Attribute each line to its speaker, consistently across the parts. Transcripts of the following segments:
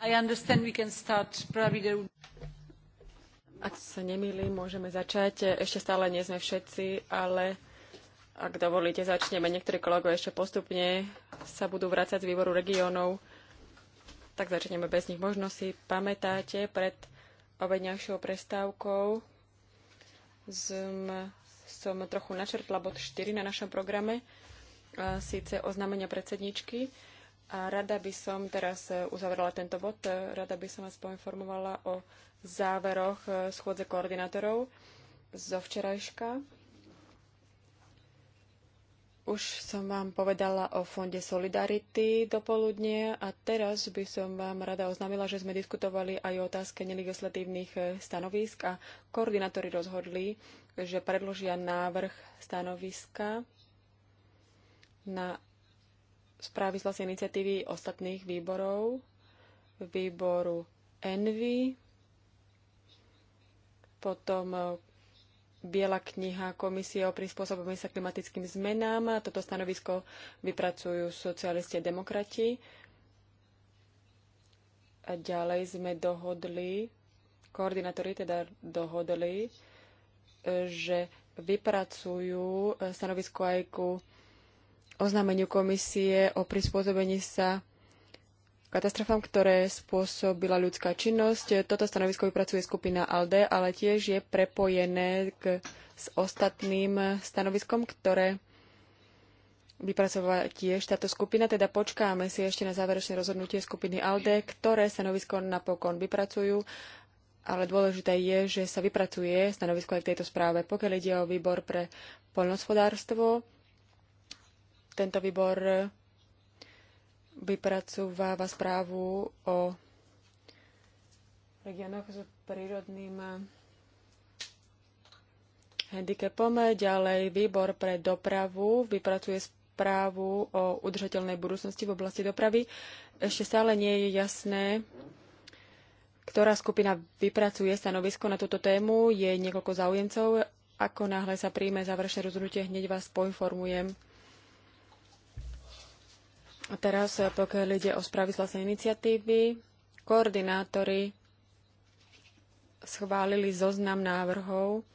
Speaker 1: Ak sa nemýlim, môžeme začať. Ešte stále nie sme všetci, ale ak dovolíte, začneme. Niektorí kolegovia ešte postupne sa budú vrácať z výboru regiónov, tak začneme bez nich. Možno si pamätáte, pred obedňajšou prestávkou som, som trochu načrtla bod 4 na našom programe, síce oznámenia predsedničky. A rada by som teraz e, uzavrela tento bod, e, rada by som vás poinformovala o záveroch e, schôdze koordinátorov zo včerajška. Už som vám povedala o Fonde Solidarity dopoludne a teraz by som vám rada oznámila, že sme diskutovali aj o otázke nelegislatívnych stanovisk a koordinátori rozhodli, že predložia návrh stanoviska na správy z vlastnej iniciatívy ostatných výborov, výboru Envy, potom e, Biela kniha Komisie o prispôsobení sa klimatickým zmenám. Toto stanovisko vypracujú socialisti a demokrati. A ďalej sme dohodli, koordinátori teda dohodli, e, že vypracujú e, stanovisko aj ku oznámeniu komisie o prispôsobení sa katastrofám, ktoré spôsobila ľudská činnosť. Toto stanovisko vypracuje skupina ALDE, ale tiež je prepojené k, s ostatným stanoviskom, ktoré vypracovala tiež táto skupina, teda počkáme si ešte na záverečné rozhodnutie skupiny ALDE, ktoré stanovisko napokon vypracujú, ale dôležité je, že sa vypracuje stanovisko aj v tejto správe. Pokiaľ ide o výbor pre poľnohospodárstvo, tento výbor vypracováva správu o regiónoch s prírodným handicapom. Ďalej výbor pre dopravu vypracuje správu o udržateľnej budúcnosti v oblasti dopravy. Ešte stále nie je jasné, ktorá skupina vypracuje stanovisko na túto tému. Je niekoľko záujemcov. Ako náhle sa príjme záverečné rozhodnutie, hneď vás poinformujem. A teraz, eh, pokiaľ ide o správy z vlastnej iniciatívy, koordinátori schválili zoznam návrhov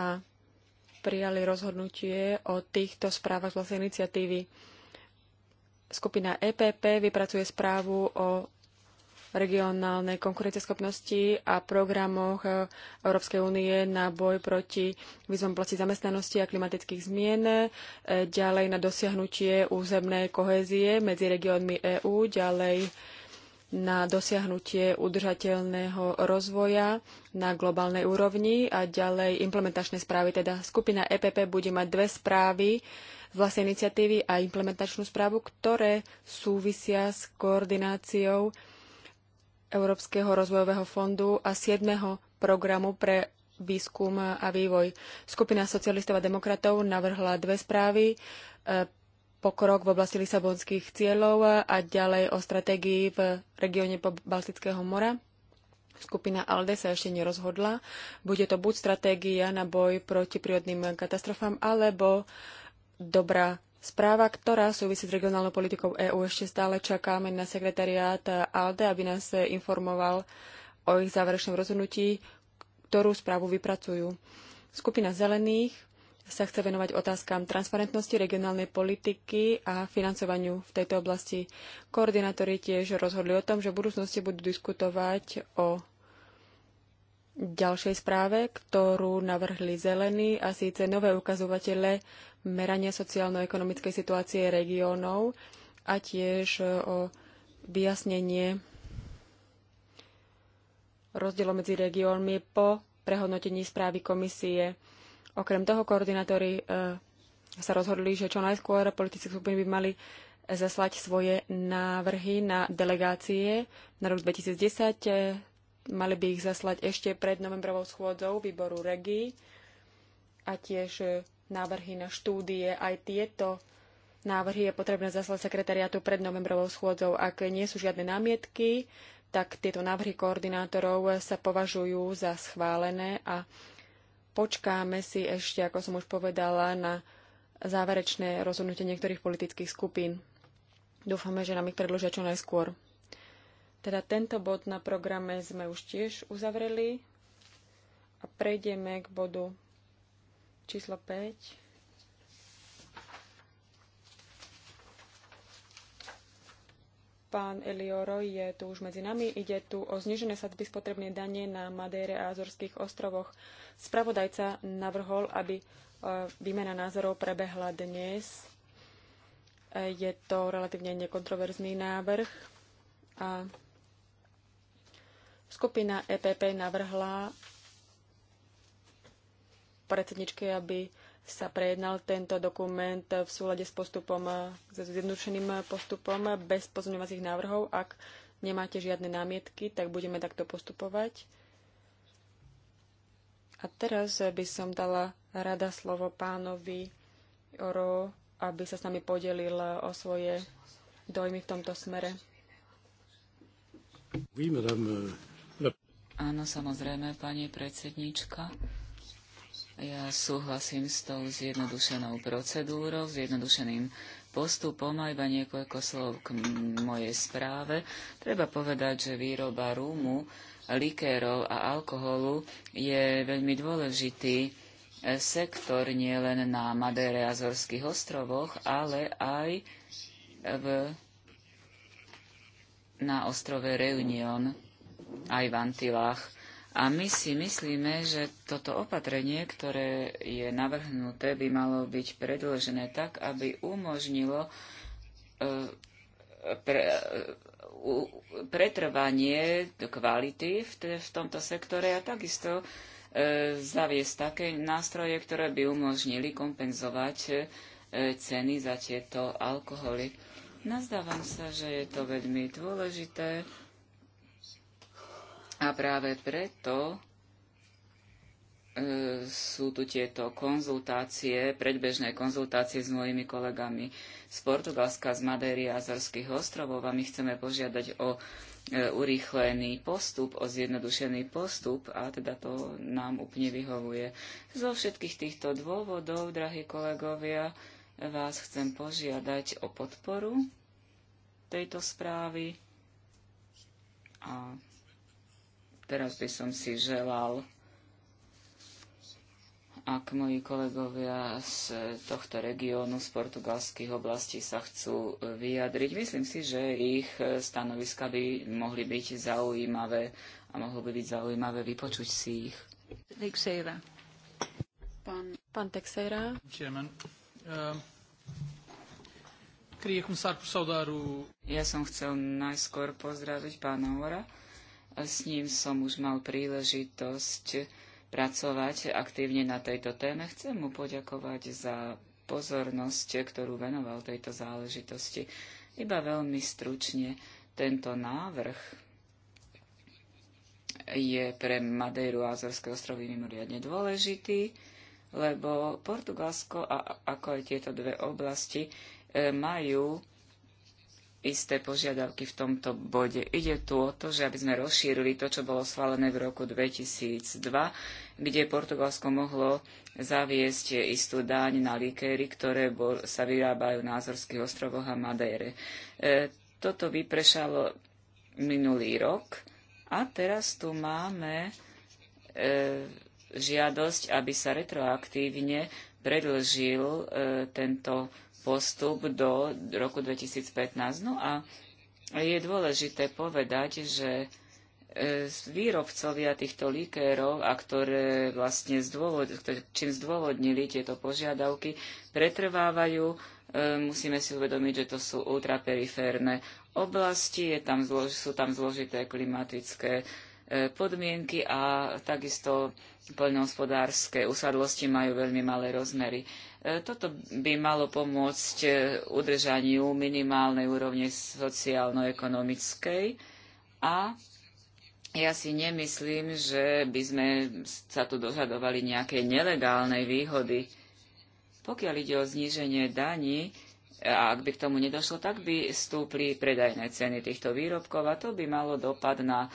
Speaker 1: a prijali rozhodnutie o týchto správach z vlastnej iniciatívy. Skupina EPP vypracuje správu o regionálnej konkurenceschopnosti a programoch eh, Európskej únie na boj proti výzvom oblasti zamestnanosti a klimatických zmien, eh, ďalej na dosiahnutie územnej kohézie medzi regiónmi EÚ, ďalej na dosiahnutie udržateľného rozvoja na globálnej úrovni a ďalej implementačné správy. Teda skupina EPP bude mať dve správy z vlastnej iniciatívy a implementačnú správu, ktoré súvisia s koordináciou Európskeho rozvojového fondu a 7. programu pre výskum a vývoj. Skupina socialistov a demokratov navrhla dve správy. E, pokrok v oblasti lisabonských cieľov a ďalej o stratégii v regióne Baltického mora. Skupina ALDE sa ešte nerozhodla. Bude to buď stratégia na boj proti prírodným katastrofám, alebo dobrá Správa, ktorá súvisí s regionálnou politikou EÚ, ešte stále čakáme na sekretariát ALDE, aby nás informoval o ich záverečnom rozhodnutí, ktorú správu vypracujú. Skupina zelených sa chce venovať otázkam transparentnosti regionálnej politiky a financovaniu v tejto oblasti. Koordinátori tiež rozhodli o tom, že v budúcnosti budú diskutovať o ďalšej správe, ktorú navrhli zelení a síce nové ukazovatele merania sociálno-ekonomickej situácie regiónov a tiež e, o vyjasnenie rozdielov medzi regiónmi po prehodnotení správy komisie. Okrem toho koordinátori e, sa rozhodli, že čo najskôr politické skupiny by mali zaslať svoje návrhy na delegácie na rok 2010 Mali by ich zaslať ešte pred novembrovou schôdzou výboru REGI a tiež e, návrhy na štúdie. Aj tieto návrhy je potrebné zaslať sekretariátu pred novembrovou schôdzou. Ak nie sú žiadne námietky, tak tieto návrhy koordinátorov sa považujú za schválené a počkáme si ešte, ako som už povedala, na záverečné rozhodnutie niektorých politických skupín. Dúfame, že nám ich predložia čo najskôr. Teda tento bod na programe sme už tiež uzavreli a prejdeme k bodu číslo 5. Pán Elioro je tu už medzi nami. Ide tu o znižené sadby spotrebné dane na Madére a Azorských ostrovoch. Spravodajca navrhol, aby e, výmena názorov prebehla dnes. E, je to relatívne nekontroverzný návrh a Skupina EPP navrhla predsedničke, aby sa prejednal tento dokument v súlade s postupom, s zjednodušeným postupom bez pozorňovacích návrhov. Ak nemáte žiadne námietky, tak budeme takto postupovať. A teraz by som dala rada slovo pánovi Oro, aby sa s nami podelil o svoje
Speaker 2: dojmy v tomto smere. Oui, madame euh, Áno, samozrejme, pani predsednička. Ja súhlasím s tou zjednodušenou procedúrou, zjednodušeným postupom a iba niekoľko slov k mojej správe. Treba povedať, že výroba rúmu, likérov a alkoholu je veľmi dôležitý e, sektor nielen na Madere a Zorských ostrovoch, ale aj v, na ostrove Reunion aj v Antilách. A my si myslíme, že toto opatrenie, ktoré je navrhnuté, by malo byť predložené tak, aby umožnilo e, pre, e, pretrvanie kvality v, te, v tomto sektore a takisto e, zaviesť také nástroje, ktoré by umožnili kompenzovať ceny za tieto alkoholy. Nazdávam sa, že je to veľmi dôležité a práve preto e, sú tu tieto konzultácie, predbežné konzultácie s mojimi kolegami z Portugalska, z Madéry a Azorských ostrovov a my chceme požiadať o e, urýchlený postup, o zjednodušený postup a teda to nám úplne vyhovuje. Zo všetkých týchto dôvodov, drahí kolegovia, vás chcem požiadať o podporu tejto správy a Teraz by som si želal, ak moji kolegovia z tohto regiónu, z portugalských oblastí sa chcú vyjadriť. Myslím si, že ich stanoviska by mohli byť zaujímavé a mohlo by byť zaujímavé vypočuť si ich. Teixeira. Pán, pán
Speaker 1: Teixeira.
Speaker 2: Chairman. Ehm, ja som chcel najskôr pozdraviť pána Hora s ním som už mal príležitosť pracovať aktívne na tejto téme. Chcem mu poďakovať za pozornosť, ktorú venoval tejto záležitosti. Iba veľmi stručne tento návrh je pre Madeiru a Azorské ostrovy mimoriadne dôležitý, lebo Portugalsko, a ako aj tieto dve oblasti, e, majú isté požiadavky v tomto bode. Ide tu o to, že aby sme rozšírili to, čo bolo schválené v roku 2002, kde Portugalsko mohlo zaviesť istú daň na likéry, ktoré bol, sa vyrábajú na Azorských ostrovoch a Madére. E, toto vyprešalo minulý rok a teraz tu máme e, žiadosť, aby sa retroaktívne predlžil e, tento postup do roku 2015. No a je dôležité povedať, že e, výrobcovia týchto likérov, a ktoré vlastne zdôvod, čím zdôvodnili tieto požiadavky, pretrvávajú. E, musíme si uvedomiť, že to sú ultraperiférne oblasti, tam sú tam zložité klimatické e, podmienky a takisto poľnohospodárske usadlosti majú veľmi malé rozmery. E, toto by malo pomôcť e, udržaniu minimálnej úrovne sociálno-ekonomickej a ja si nemyslím, že by sme sa tu dožadovali nejakej nelegálnej výhody. Pokiaľ ide o zníženie daní, e, a ak by k tomu nedošlo, tak by stúpli predajné ceny týchto výrobkov a to by malo dopad na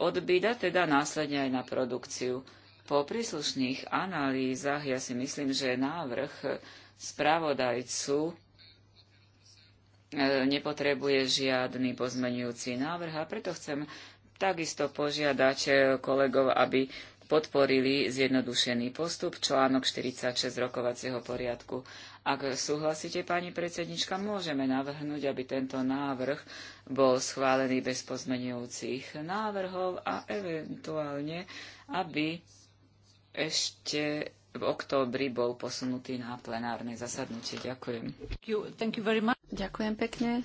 Speaker 2: odbyt a teda následne aj na produkciu. Po príslušných analýzach ja si myslím, že návrh spravodajcu e, nepotrebuje žiadny pozmenujúci návrh a preto chcem takisto požiadať e, kolegov, aby podporili zjednodušený postup článok 46 rokovacieho poriadku. Ak súhlasíte, pani predsednička, môžeme navrhnúť, aby tento návrh bol schválený bez pozmenujúcich návrhov a eventuálne, aby ešte v októbri bol posunutý na plenárne zasadnutie. Ďakujem.
Speaker 3: Thank you, Ďakujem pekne.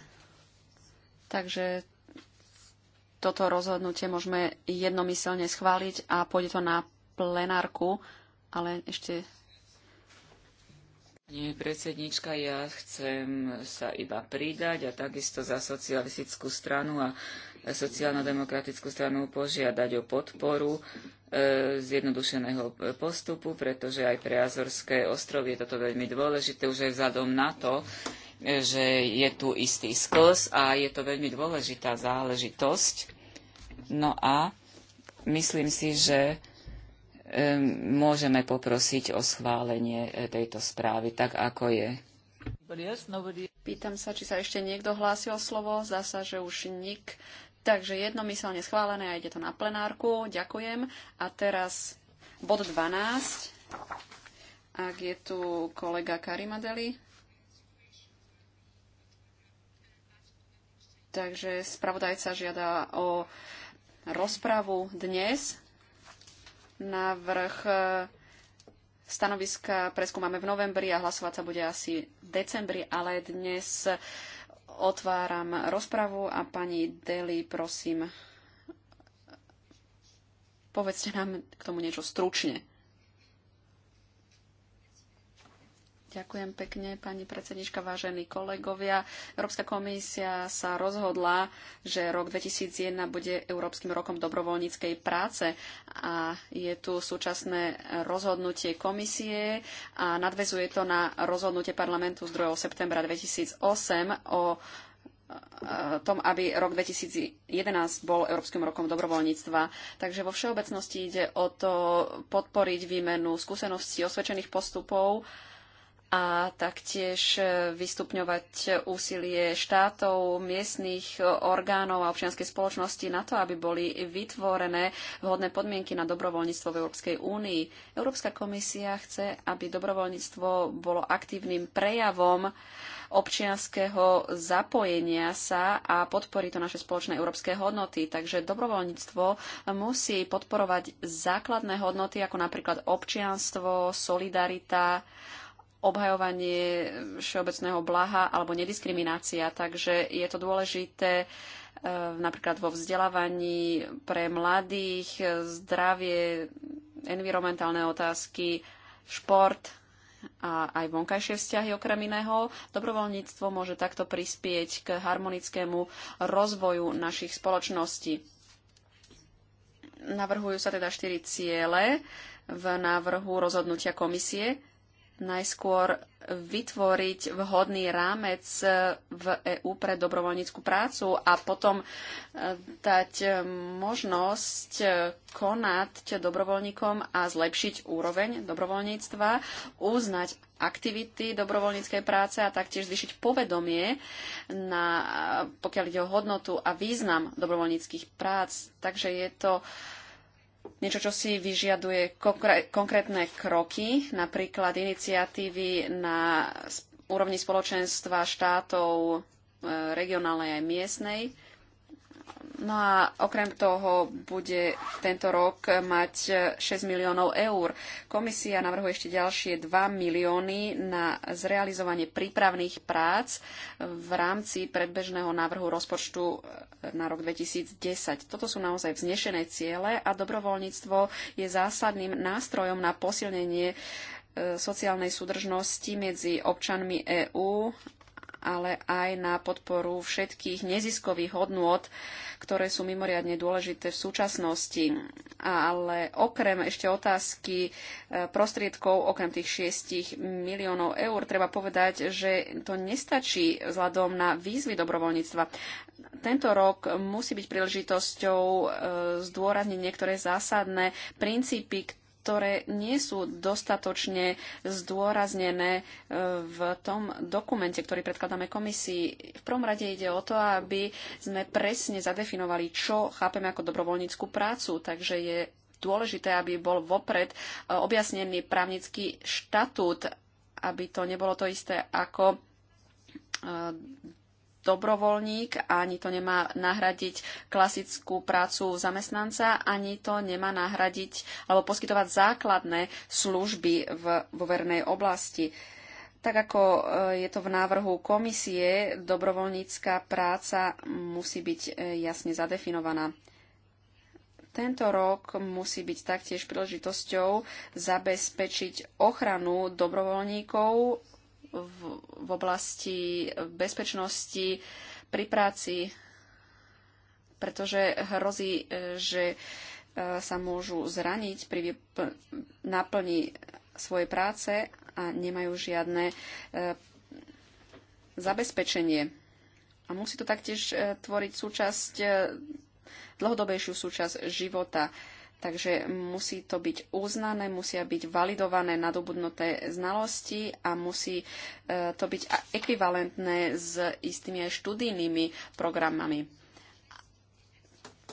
Speaker 3: Takže toto rozhodnutie môžeme jednomyselne schváliť a pôjde to na plenárku, ale ešte...
Speaker 2: Pani predsednička, ja chcem sa iba pridať a takisto za socialistickú stranu a sociálno-demokratickú stranu požiadať o podporu e, zjednodušeného postupu, pretože aj pre Azorské ostrovy je toto veľmi dôležité, už aj vzhľadom na to, e, že je tu istý sklz a je to veľmi dôležitá záležitosť. No a myslím si, že e, môžeme poprosiť o schválenie tejto správy, tak ako je.
Speaker 3: Pýtam sa, či sa ešte niekto hlásil slovo. Zasa, že už nik Takže jednomyselne schválené a ide to na plenárku. Ďakujem. A teraz bod 12. Ak je tu kolega Karimadeli. Takže spravodajca žiada o rozpravu dnes. Navrh e, stanoviska preskúmame v novembri a hlasovať sa bude asi v decembri, ale dnes Otváram rozpravu a pani Deli, prosím, povedzte nám k tomu niečo stručne. Ďakujem pekne, pani predsednička, vážení kolegovia. Európska komisia sa rozhodla, že rok 2001 bude Európskym rokom dobrovoľníckej práce a je tu súčasné rozhodnutie komisie a nadvezuje to na rozhodnutie parlamentu z 2. septembra 2008 o e, tom, aby rok 2011 bol Európskym rokom dobrovoľníctva. Takže vo všeobecnosti ide o to podporiť výmenu skúseností, osvedčených postupov a taktiež e, vystupňovať úsilie štátov, miestných orgánov a občianskej spoločnosti na to, aby boli vytvorené vhodné podmienky na dobrovoľníctvo v Európskej únii. Európska komisia chce, aby dobrovoľníctvo bolo aktívnym prejavom občianského zapojenia sa a podporí to naše spoločné európske hodnoty. Takže dobrovoľníctvo musí podporovať základné hodnoty, ako napríklad občianstvo, solidarita, obhajovanie všeobecného blaha alebo nediskriminácia. Takže je to dôležité eh, napríklad vo vzdelávaní pre mladých, zdravie, environmentálne otázky, šport a aj vonkajšie vzťahy okrem iného. Dobrovoľníctvo môže takto prispieť k harmonickému rozvoju našich spoločností. Navrhujú sa teda štyri ciele v návrhu rozhodnutia komisie najskôr vytvoriť vhodný rámec eh, v EÚ pre dobrovoľníckú prácu a potom eh, dať eh, možnosť konať dobrovoľníkom a zlepšiť úroveň dobrovoľníctva, uznať aktivity dobrovoľníckej práce a taktiež zvyšiť povedomie, na, pokiaľ ide o hodnotu a význam dobrovoľníckých prác. Takže je to uh, niečo, čo si vyžiaduje konkrétne kroky, napríklad iniciatívy na úrovni spoločenstva štátov e, regionálnej aj miestnej. No a okrem toho bude tento rok mať 6 miliónov eur. Komisia navrhuje ešte ďalšie 2 milióny na zrealizovanie prípravných prác v rámci predbežného návrhu rozpočtu na rok 2010. Toto sú naozaj vznešené ciele a dobrovoľníctvo je zásadným nástrojom na posilnenie e, sociálnej súdržnosti medzi občanmi EÚ ale aj na podporu všetkých neziskových hodnôt, ktoré sú mimoriadne dôležité v súčasnosti. Ale okrem ešte otázky e, prostriedkov, okrem tých 6 miliónov eur, treba povedať, že to nestačí vzhľadom na výzvy dobrovoľníctva. Tento rok musí byť príležitosťou e, zdôrazniť niektoré zásadné princípy, ktoré nie sú dostatočne zdôraznené e, v tom dokumente, ktorý predkladáme komisii. V prvom rade ide o to, aby sme presne zadefinovali, čo chápeme ako dobrovoľníckú prácu, takže je dôležité, aby bol vopred e, objasnený právnický štatút, aby to nebolo to isté ako e, dobrovoľník, ani to nemá nahradiť klasickú prácu zamestnanca, ani to nemá nahradiť alebo poskytovať základné služby v, vo vernej oblasti. Tak ako e, je to v návrhu komisie, dobrovoľnícká práca musí byť e, jasne zadefinovaná. Tento rok musí byť taktiež príležitosťou zabezpečiť ochranu dobrovoľníkov v, v oblasti bezpečnosti pri práci, pretože hrozí, e, že e, sa môžu zraniť pri náplni svojej práce a nemajú žiadne e, zabezpečenie. A musí to taktiež tvoriť súčasť, dlhodobejšiu súčasť života. Takže musí to byť uznané, musia byť validované nadobudnuté znalosti a musí e, to byť ekvivalentné s istými aj študijnými programami.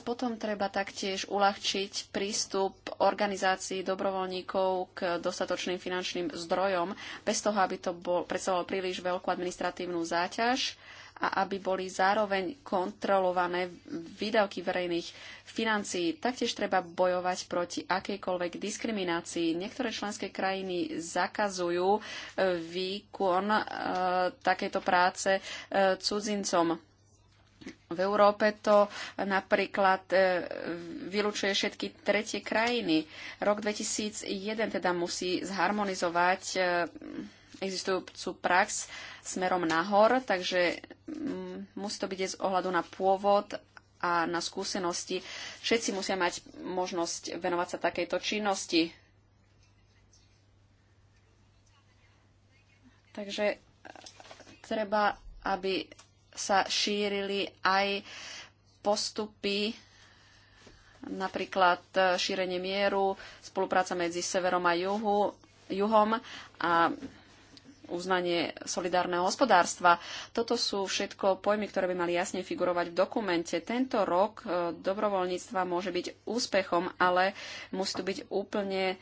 Speaker 3: Potom treba taktiež uľahčiť prístup organizácií dobrovoľníkov k dostatočným finančným zdrojom, bez toho, aby to bol, predstavovalo príliš veľkú administratívnu záťaž a aby boli zároveň kontrolované výdavky verejných financií. Taktiež treba bojovať proti akejkoľvek diskriminácii. Niektoré členské krajiny zakazujú e, výkon e, takéto práce e, cudzincom. V Európe to napríklad e, vylučuje všetky tretie krajiny. Rok 2001 teda musí zharmonizovať e, existujúcu prax smerom nahor, takže Mm, musí to byť z ohľadu na pôvod a na skúsenosti. Všetci musia mať možnosť venovať sa takejto činnosti. Takže e, treba, aby sa šírili aj postupy, napríklad e, šírenie mieru, spolupráca medzi severom a juhu, juhom a uznanie solidárneho hospodárstva. Toto sú všetko pojmy, ktoré by mali jasne figurovať v dokumente. Tento rok e, dobrovoľníctva môže byť úspechom, ale musí tu byť úplne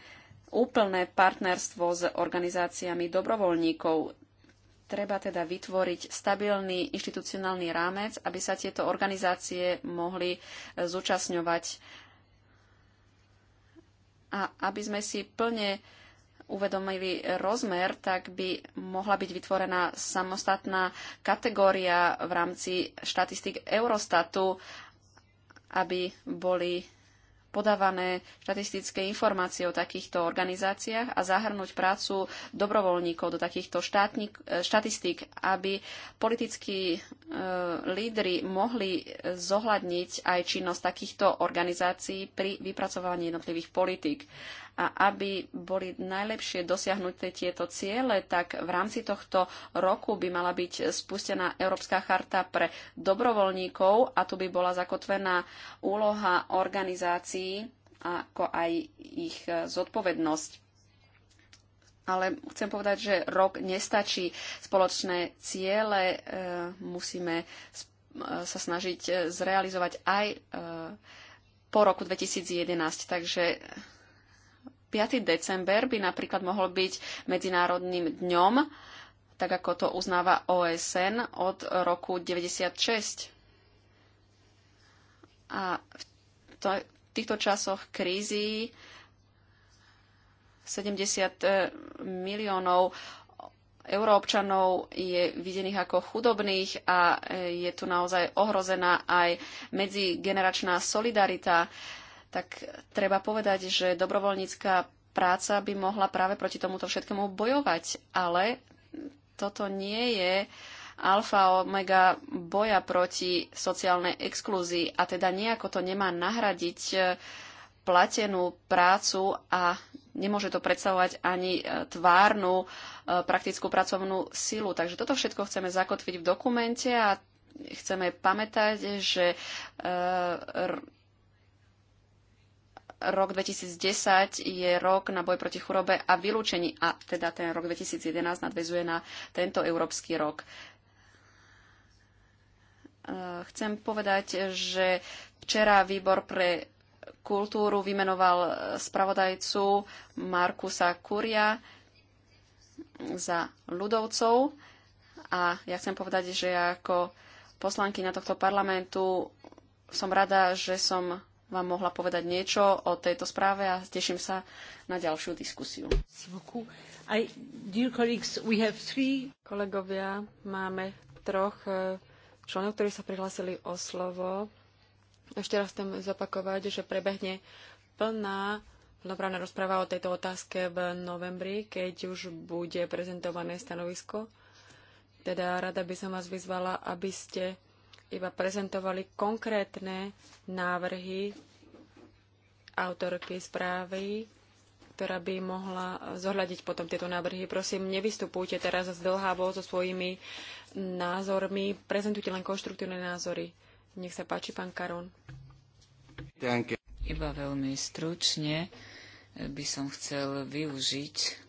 Speaker 3: úplné partnerstvo s organizáciami dobrovoľníkov. Treba teda vytvoriť stabilný inštitucionálny rámec, aby sa tieto organizácie mohli e, zúčastňovať a aby sme si plne uvedomili rozmer, tak by mohla byť vytvorená samostatná kategória v rámci štatistik Eurostatu, aby boli podávané štatistické informácie o takýchto organizáciách a zahrnúť prácu dobrovoľníkov do takýchto štátnik, e, štatistík, aby politickí e, lídry mohli zohľadniť aj činnosť takýchto organizácií pri vypracovaní jednotlivých politík. A aby boli najlepšie dosiahnuté tieto ciele, tak v rámci tohto roku by mala byť spustená Európska charta pre dobrovoľníkov a tu by bola zakotvená úloha organizácií ako aj ich zodpovednosť. Ale chcem povedať, že rok nestačí. Spoločné ciele e, musíme e, sa snažiť e, zrealizovať aj e, po roku 2011. Takže 5. december by napríklad mohol byť Medzinárodným dňom, tak ako to uznáva OSN od roku 96. A v týchto časoch krízy 70 e, miliónov euroobčanov je videných ako chudobných a e, je tu naozaj ohrozená aj medzigeneračná solidarita tak treba povedať, že dobrovoľnícká práca by mohla práve proti tomuto všetkému bojovať, ale toto nie je alfa omega boja proti sociálnej exklúzii a teda nejako to nemá nahradiť e, platenú prácu a nemôže to predstavovať ani e, tvárnu e, praktickú pracovnú silu. Takže toto všetko chceme zakotviť v dokumente a chceme pamätať, že rok 2010 je rok na boj proti chorobe a vylúčení a teda ten rok 2011 nadvezuje na tento európsky rok. E, chcem povedať, že včera výbor pre kultúru vymenoval e, spravodajcu Markusa Kuria za ľudovcov a ja chcem povedať, že ja ako poslanky na tohto parlamentu som rada, že som vám mohla povedať niečo o tejto správe a teším sa na ďalšiu diskusiu.
Speaker 1: Kolegovia, máme troch e, členov, ktorí sa prihlásili o slovo. Ešte raz chcem zopakovať, že prebehne plná plnoprávna rozpráva o tejto otázke v novembri, keď už bude prezentované stanovisko. Teda rada by som vás vyzvala, aby ste iba prezentovali konkrétne návrhy autorky správy, ktorá by mohla zohľadiť potom tieto návrhy. Prosím, nevystupujte teraz zdlhavo so svojimi názormi. Prezentujte len konštruktívne názory. Nech sa páči, pán Karon.
Speaker 2: Iba veľmi stručne by som chcel využiť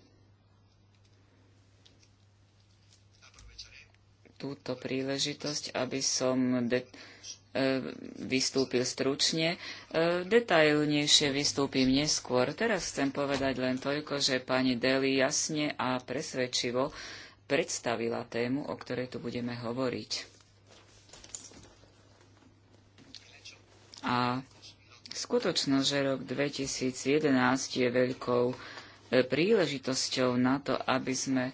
Speaker 2: túto príležitosť, aby som de- e, vystúpil stručne. E, detailnejšie vystúpim neskôr. Teraz chcem povedať len toľko, že pani Deli jasne a presvedčivo predstavila tému, o ktorej tu budeme hovoriť. A skutočnosť, že rok 2011 je veľkou e, príležitosťou na to, aby sme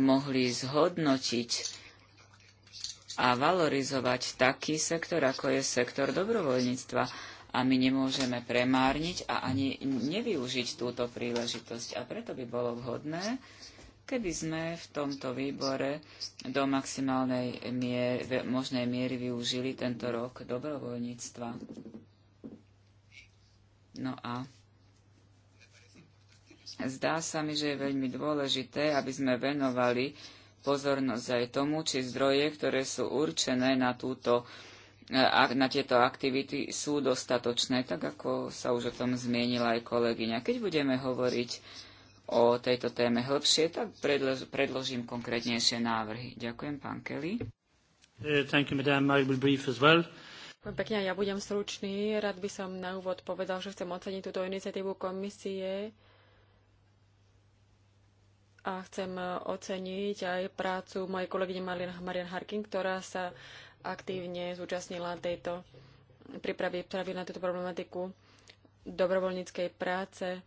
Speaker 2: mohli zhodnotiť a valorizovať taký sektor, ako je sektor dobrovoľníctva. A my nemôžeme premárniť a ani nevyužiť túto príležitosť. A preto by bolo vhodné, keby sme v tomto výbore do maximálnej mier, možnej miery využili tento rok dobrovoľníctva. No a zdá sa mi, že je veľmi dôležité, aby sme venovali pozornosť aj tomu, či zdroje, ktoré sú určené na, túto, e, na tieto aktivity, sú dostatočné, tak ako sa už o tom zmienila aj kolegyňa. Keď budeme hovoriť o tejto téme hĺbšie, tak predložím konkrétnejšie návrhy. Ďakujem, pán Kelly. E,
Speaker 3: thank you, madam. I will brief as well.
Speaker 1: Pekne, ja budem stručný. Rád by som na úvod povedal, že chcem oceniť túto iniciatívu komisie a chcem e, oceniť aj prácu mojej kolegyne Marian Harkin, ktorá sa aktívne zúčastnila tejto prípravy právy na túto problematiku dobrovoľníckej práce.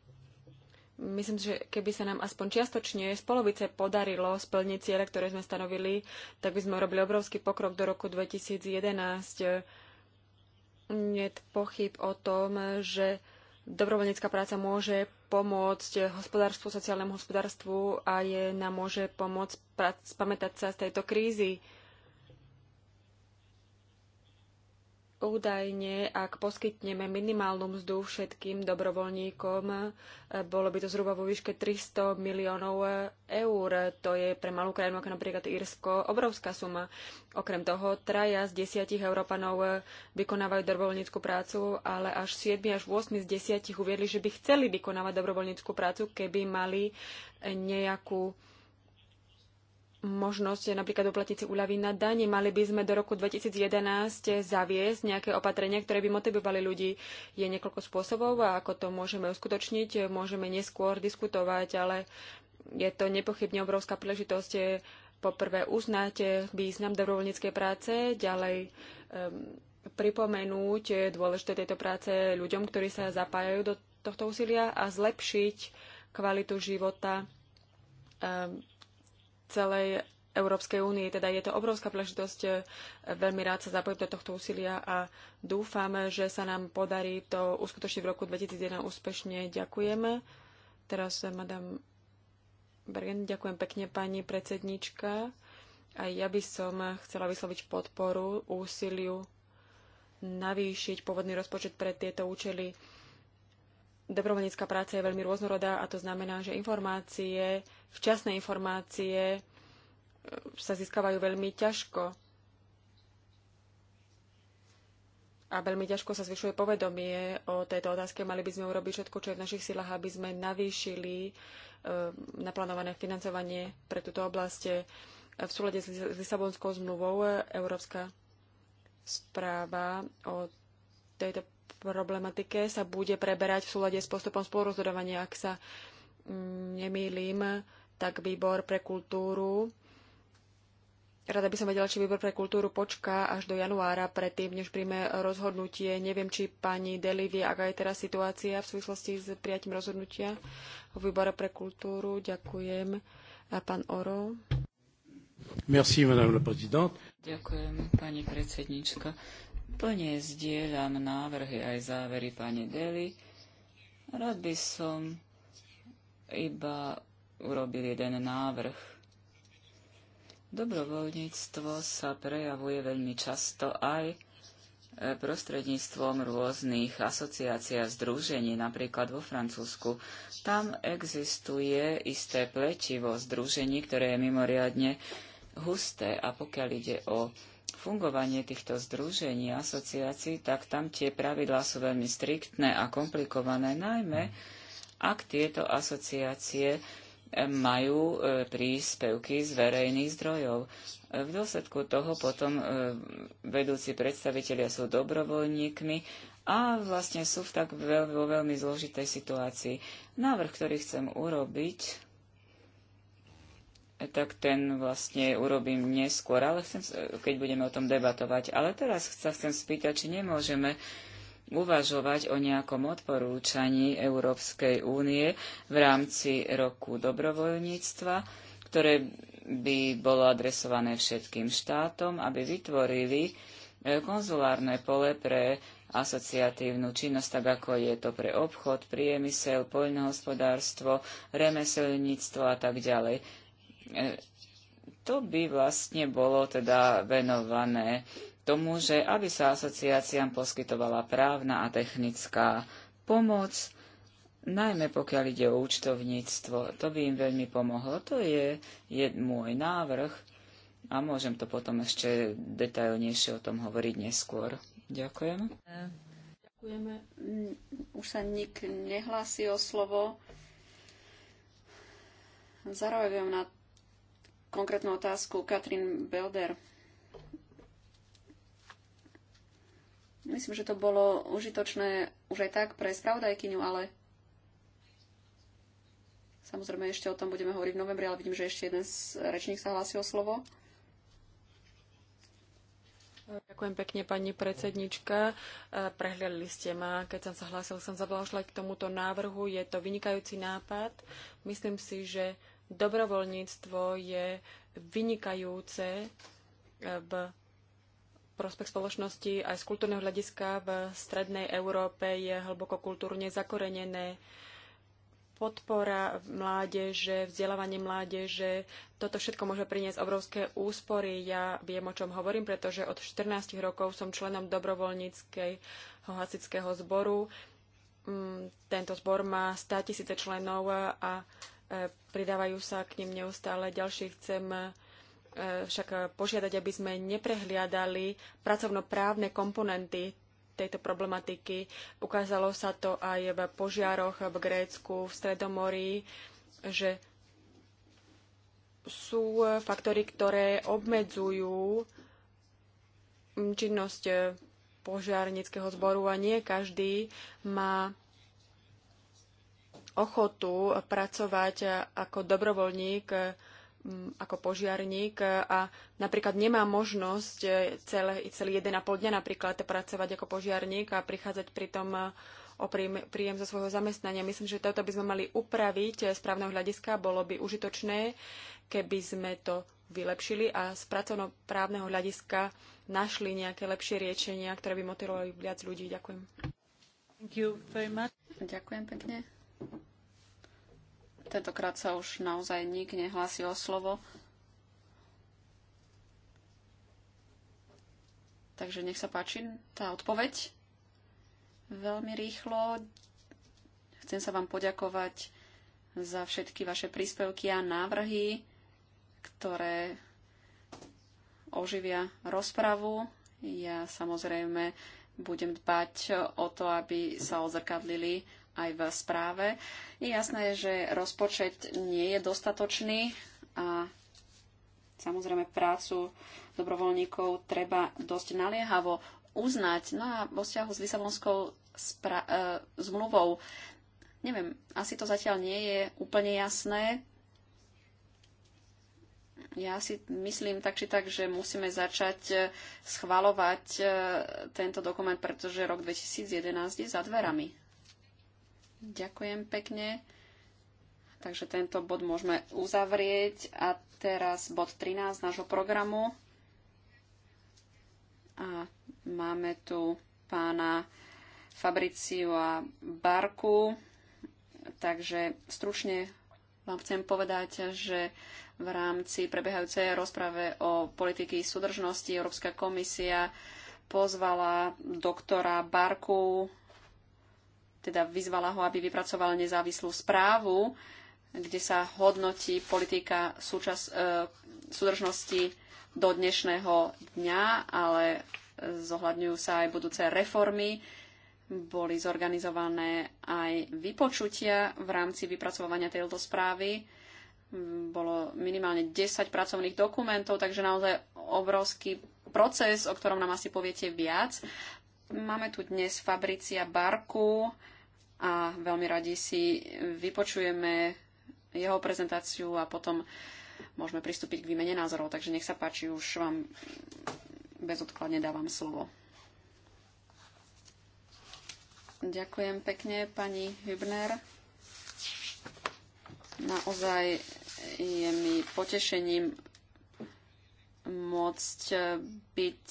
Speaker 1: Myslím, že keby sa nám aspoň čiastočne z polovice podarilo splniť ciele, ktoré sme stanovili, tak by sme robili obrovský pokrok do roku 2011. Nie pochyb o tom, že dobrovoľnícka práca môže pomôcť hospodárstvu, sociálnemu hospodárstvu a je, nám môže pomôcť spamätať sa z tejto krízy. Údajne, ak poskytneme minimálnu mzdu všetkým dobrovoľníkom, bolo by to zhruba vo výške 300 miliónov eur. To je pre malú krajinu, ako napríklad Írsko, obrovská suma. Okrem toho, traja z desiatich Európanov vykonávajú dobrovoľníckú prácu, ale až 7 až 8 z desiatich uviedli, že by chceli vykonávať dobrovoľníckú prácu, keby mali nejakú možnosť napríklad uplatniť si úľavy na dane. Mali by sme do roku 2011 zaviesť nejaké opatrenia, ktoré by motivovali ľudí. Je niekoľko spôsobov, a ako to môžeme uskutočniť. Môžeme neskôr diskutovať, ale je to nepochybne obrovská príležitosť eh, poprvé uznať eh, význam dobrovoľníckej práce, ďalej um, pripomenúť eh, dôležité tejto práce ľuďom, ktorí sa zapájajú do tohto úsilia a zlepšiť kvalitu života um, celej Európskej únie. Teda je to obrovská príležitosť. E, veľmi rád sa zapojím do tohto úsilia a dúfam, že sa nám podarí to uskutočniť v roku 2001 úspešne. Ďakujeme. Teraz, e, madam Bergen, ďakujem pekne, pani predsednička. Aj ja by som chcela vysloviť podporu úsiliu navýšiť pôvodný rozpočet pre tieto účely dobrovoľnícka práca je veľmi rôznorodá a to znamená, že informácie, včasné informácie e, sa získavajú veľmi ťažko. A veľmi ťažko sa zvyšuje povedomie o tejto otázke. Mali by sme urobiť všetko, čo je v našich silách, aby sme navýšili e, naplánované financovanie pre túto oblasť. E, v súlade s Lisabonskou zmluvou Európska správa o tejto problematike sa bude preberať v súlade s postupom spolurozhodovania. Ak sa mm, nemýlim, tak výbor pre kultúru. Rada by som vedela, či výbor pre kultúru počká až do januára predtým, než príjme rozhodnutie. Neviem, či pani Deli vie, aká je teraz situácia v súvislosti s prijatím rozhodnutia v výbore pre kultúru. Ďakujem. A pán Oro. Merci, madame la présidente.
Speaker 2: Ďakujem, pani predsednička. Plne zdieľam návrhy aj závery pani Deli. Rád by som iba urobil jeden návrh. Dobrovoľníctvo sa prejavuje veľmi často aj e, prostredníctvom rôznych asociácií a združení, napríklad vo Francúzsku. Tam existuje isté pletivo združení, ktoré je mimoriadne husté a pokiaľ ide o fungovanie týchto združení, asociácií, tak tam tie pravidlá sú veľmi striktné a komplikované, najmä ak tieto asociácie eh, majú eh, príspevky z verejných zdrojov. Eh, v dôsledku toho potom vedúci predstavitelia sú dobrovoľníkmi a vlastne sú v tak veľ, vo veľmi zložitej situácii. Návrh, ktorý chcem urobiť, tak ten vlastne urobím neskôr, ale chcem, keď budeme o tom debatovať. Ale teraz sa chcem spýtať, či nemôžeme uvažovať o nejakom odporúčaní Európskej únie v rámci roku dobrovoľníctva, ktoré by bolo adresované všetkým štátom, aby vytvorili e, konzulárne pole pre asociatívnu činnosť, tak ako je to pre obchod, priemysel, poľnohospodárstvo, remeselníctvo a tak ďalej. E, to by vlastne bolo teda venované tomu, že aby sa asociáciám poskytovala právna a technická pomoc, najmä pokiaľ ide o účtovníctvo. To by im veľmi pomohlo. To je, je môj návrh a môžem to potom ešte detailnejšie o tom hovoriť neskôr. Ďakujem.
Speaker 3: Ďakujeme. Mm, už sa nik nehlási o slovo. Zareagujem na konkrétnu otázku Katrin Belder. Myslím, že to bolo užitočné už aj tak pre spravodajkyňu, ale samozrejme ešte o tom budeme hovoriť v novembri, ale vidím, že ešte jeden z rečník sa hlási o slovo.
Speaker 1: Ďakujem pekne, pani predsednička. E, prehľadili ste ma, keď som sa hlásil, som zablahošla k tomuto návrhu. Je to vynikajúci nápad. Myslím si, že Dobrovoľníctvo je vynikajúce eh, v prospech spoločnosti aj z kultúrneho hľadiska v strednej Európe je hlboko kultúrne zakorenené. Podpora mládeže, vzdelávanie mládeže, toto všetko môže priniesť obrovské úspory. Ja viem, o čom hovorím, pretože od 14 rokov som členom dobrovoľníckej hasického zboru. Mm, tento zbor má 100 tisíce členov a E, pridávajú sa k nim neustále Ďalšie Chcem e, však požiadať, aby sme neprehliadali pracovnoprávne komponenty tejto problematiky. Ukázalo sa to aj v požiaroch v Grécku, v Stredomorí, že sú faktory, ktoré obmedzujú mm, činnosť požiarnického zboru a nie každý má ochotu pracovať ako dobrovoľník, mm, ako požiarník a napríklad nemá možnosť celé, celý 1,5 dňa napríklad pracovať ako požiarník a prichádzať pritom eh, o príjem zo svojho zamestnania. Myslím, že toto by sme mali upraviť z právneho hľadiska. Bolo by užitočné, keby sme to vylepšili a z pracovnoprávneho hľadiska našli nejaké lepšie riešenia, ktoré by motivovali viac ľudí. Ďakujem.
Speaker 3: Ďakujem pekne. Tentokrát sa už naozaj nik nehlási o slovo. Takže nech sa páči tá odpoveď. Veľmi rýchlo. Chcem sa vám poďakovať za všetky vaše príspevky a návrhy, ktoré oživia rozpravu. Ja samozrejme budem dbať o to, aby sa odzrkadlili aj v správe. Je jasné, že rozpočet nie je dostatočný a samozrejme prácu dobrovoľníkov treba dosť naliehavo uznať. No a vo vzťahu s Lisabonskou spra- e, zmluvou, neviem, asi to zatiaľ nie je úplne jasné. Ja si myslím tak či tak, že musíme začať e, schvalovať e, tento dokument, pretože rok 2011 je za dverami. Ďakujem pekne. Takže tento bod môžeme uzavrieť. A teraz bod 13 nášho programu. A máme tu pána Fabriciu a Barku. Takže stručne vám chcem povedať, že v rámci prebiehajúcej rozprave o politiky súdržnosti Európska komisia pozvala doktora Barku teda vyzvala ho, aby vypracoval nezávislú správu, kde sa hodnotí politika súčas, e, súdržnosti do dnešného dňa, ale zohľadňujú sa aj budúce reformy. Boli zorganizované aj vypočutia v rámci vypracovania tejto správy. Bolo minimálne 10 pracovných dokumentov, takže naozaj obrovský proces, o ktorom nám asi poviete viac. Máme tu dnes Fabricia Barku, a veľmi radi si vypočujeme jeho prezentáciu a potom môžeme pristúpiť k výmene názorov. Takže nech sa páči, už vám bezodkladne dávam slovo. Ďakujem pekne, pani Hübner. Naozaj je mi potešením môcť byť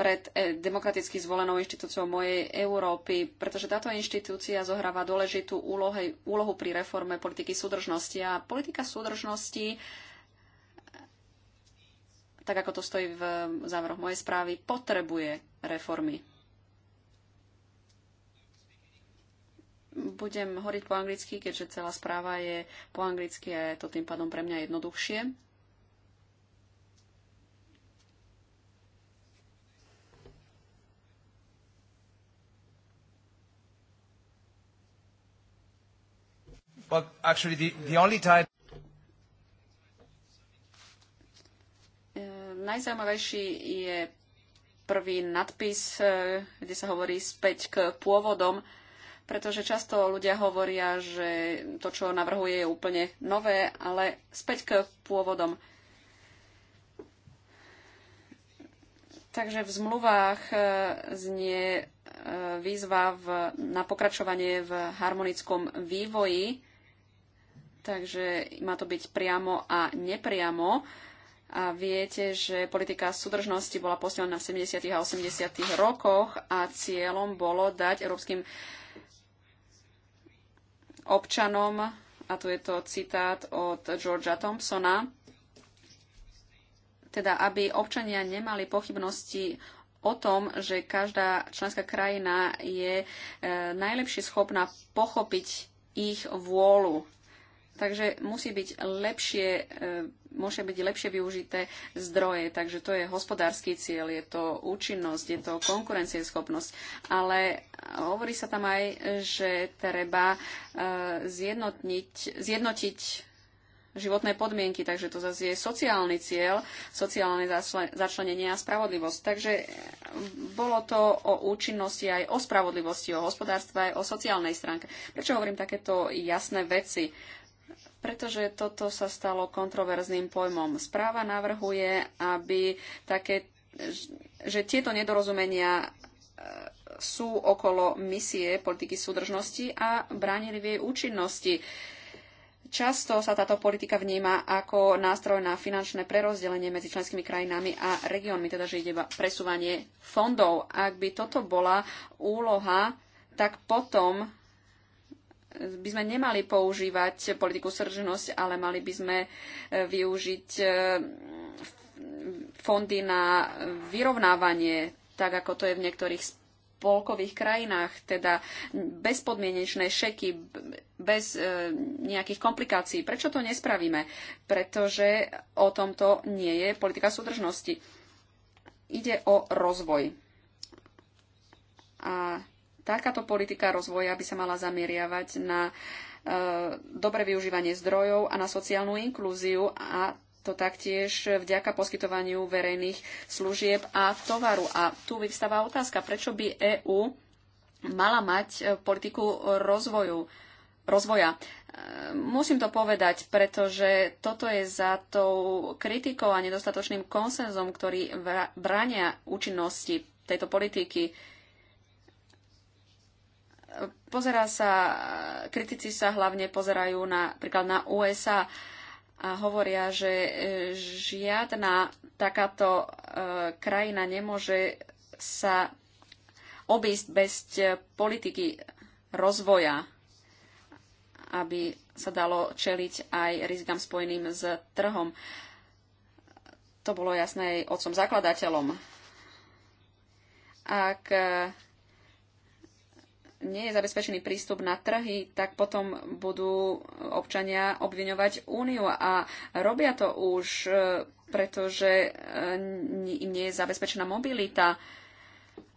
Speaker 3: pred e, demokraticky zvolenou inštitúciou mojej Európy, pretože táto inštitúcia zohráva dôležitú úlohe, úlohu pri reforme politiky súdržnosti. A politika súdržnosti, e, tak ako to stojí v záveroch mojej správy, potrebuje reformy. Budem horiť po anglicky, keďže celá správa je po anglicky a je to tým pádom pre mňa jednoduchšie.
Speaker 2: Well, actually, the, the only time...
Speaker 3: E, najzaujímavejší je prvý nadpis, e, kde sa hovorí späť k pôvodom, pretože často ľudia hovoria, že to, čo navrhuje, je úplne nové, ale späť k pôvodom. Takže v zmluvách e, znie výzva v, na pokračovanie v harmonickom vývoji Takže má to byť priamo a nepriamo. A viete, že politika súdržnosti bola posilnená v 70. a 80. rokoch a cieľom bolo dať európskym občanom, a tu je to citát od Georgia Thompsona, teda aby občania nemali pochybnosti o tom, že každá členská krajina je eh, najlepšie schopná pochopiť ich vôľu Takže musí byť lepšie, môže byť lepšie využité zdroje. Takže to je hospodársky cieľ, je to účinnosť, je to konkurencieschopnosť. Ale hovorí sa tam aj, že treba e, zjednotniť, zjednotiť životné podmienky, takže to zase je sociálny cieľ, sociálne začlenenie a spravodlivosť. Takže e, bolo to o účinnosti aj o spravodlivosti, o hospodárstve, aj o sociálnej stránke. Prečo hovorím takéto jasné veci? pretože toto sa stalo kontroverzným pojmom. Správa navrhuje, aby také, že tieto nedorozumenia e, sú okolo misie politiky súdržnosti a bránili v jej účinnosti. Často sa táto politika vníma ako nástroj na finančné prerozdelenie medzi členskými krajinami a regiónmi, teda že ide iba presúvanie fondov. Ak by toto bola úloha, tak potom by sme nemali používať politiku sržnosť, ale mali by sme e, využiť e, fondy na vyrovnávanie, tak ako to je v niektorých spolkových krajinách, teda bezpodmienečné šeky, bez e, nejakých komplikácií. Prečo to nespravíme? Pretože o tomto nie je politika súdržnosti. Ide o rozvoj. A Takáto politika rozvoja by sa mala zameriavať na e, dobre využívanie zdrojov a na sociálnu inklúziu a to taktiež vďaka poskytovaniu verejných služieb a tovaru. A tu vyvstáva otázka, prečo by EÚ mala mať e, politiku rozvoju, rozvoja. E, musím to povedať, pretože toto je za tou kritikou a nedostatočným konsenzom, ktorý bránia účinnosti tejto politiky Pozerá sa, kritici sa hlavne pozerajú napríklad na USA a hovoria, že e, žiadna takáto e, krajina nemôže sa obísť bez e, politiky rozvoja, aby sa dalo čeliť aj rizikám spojeným s trhom. To bolo jasné aj otcom zakladateľom. Ak nie je zabezpečený prístup na trhy, tak potom budú občania obviňovať úniu a robia to už, e, pretože e, im nie je zabezpečená mobilita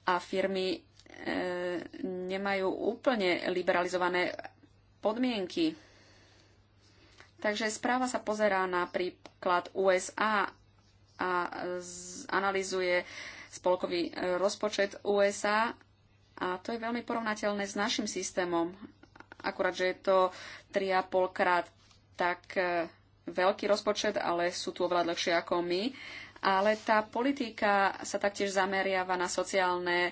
Speaker 3: a firmy e, nemajú úplne liberalizované podmienky. Takže správa sa pozerá na príklad USA a analizuje spolkový rozpočet USA a to je veľmi porovnateľné s našim systémom. Akurát, že je to 3,5 krát tak e, veľký rozpočet, ale sú tu oveľa dlhšie ako my. Ale tá politika sa taktiež zameriava na sociálne e,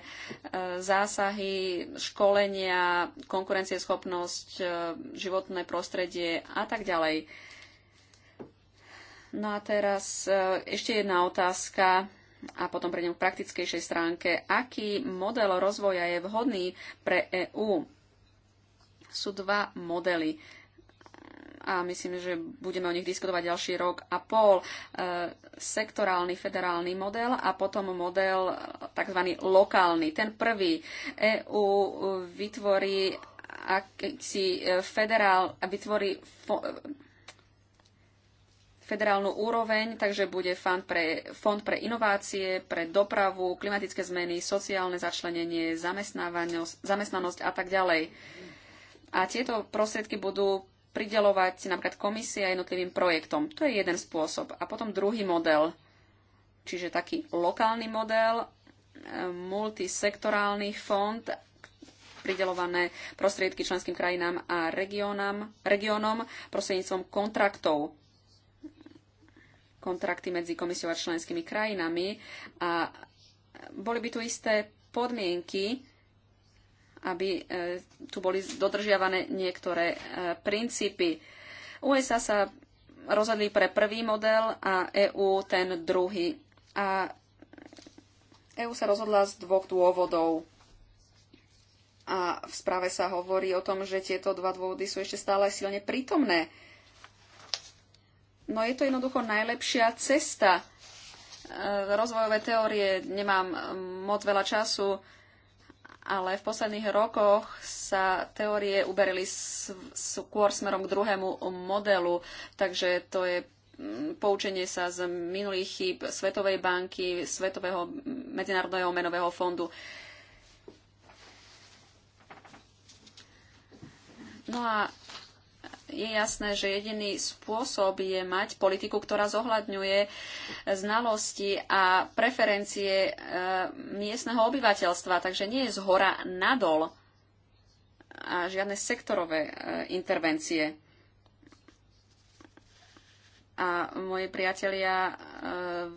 Speaker 3: zásahy, školenia, konkurencieschopnosť, e, životné prostredie a tak ďalej. No a teraz ešte jedna otázka a potom pre ňom v praktickejšej stránke, aký model rozvoja je vhodný pre EÚ. Sú dva modely a myslím, že budeme o nich diskutovať ďalší rok a pol. E, sektorálny federálny model a potom model e, tzv. lokálny. Ten prvý EÚ vytvorí si e, federál, vytvorí fo, federálnu úroveň, takže bude fond pre, fond pre inovácie, pre dopravu, klimatické zmeny, sociálne začlenenie, zamestnanosť a tak ďalej. A tieto prostriedky budú pridelovať napríklad komisia jednotlivým projektom. To je jeden spôsob. A potom druhý model, čiže taký lokálny model, e, multisektorálny fond, pridelované prostriedky členským krajinám a regiónom prostredníctvom kontraktov kontrakty medzi komisiou a členskými krajinami a boli by tu isté podmienky, aby e, tu boli dodržiavané niektoré e, princípy. USA sa rozhodli pre prvý model a EÚ ten druhý. A EÚ sa rozhodla z dvoch dôvodov. A v správe sa hovorí o tom, že tieto dva dôvody sú ešte stále silne prítomné. No je to jednoducho najlepšia cesta. E, rozvojové teórie nemám e, moc veľa času, ale v posledných rokoch sa teórie uberili skôr smerom k druhému modelu, takže to je poučenie sa z minulých chýb Svetovej banky, Svetového medzinárodného menového fondu. No a je jasné, že jediný spôsob je mať politiku, ktorá zohľadňuje e, znalosti a preferencie e, miestneho obyvateľstva, takže nie je z hora nadol a žiadne sektorové e, intervencie. A moji priatelia e,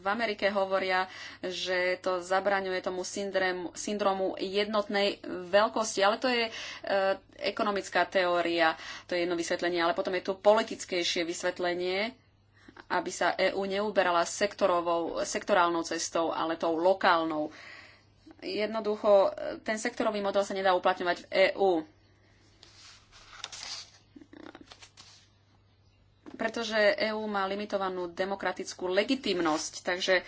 Speaker 3: v Amerike hovoria, že to zabraňuje tomu syndromu jednotnej veľkosti. Ale to je e, ekonomická teória, to je jedno vysvetlenie. Ale potom je tu politickejšie vysvetlenie, aby sa EÚ neuberala sektorovou, sektorálnou cestou, ale tou lokálnou. Jednoducho, ten sektorový model sa nedá uplatňovať v EÚ pretože EÚ má limitovanú demokratickú legitimnosť, takže e,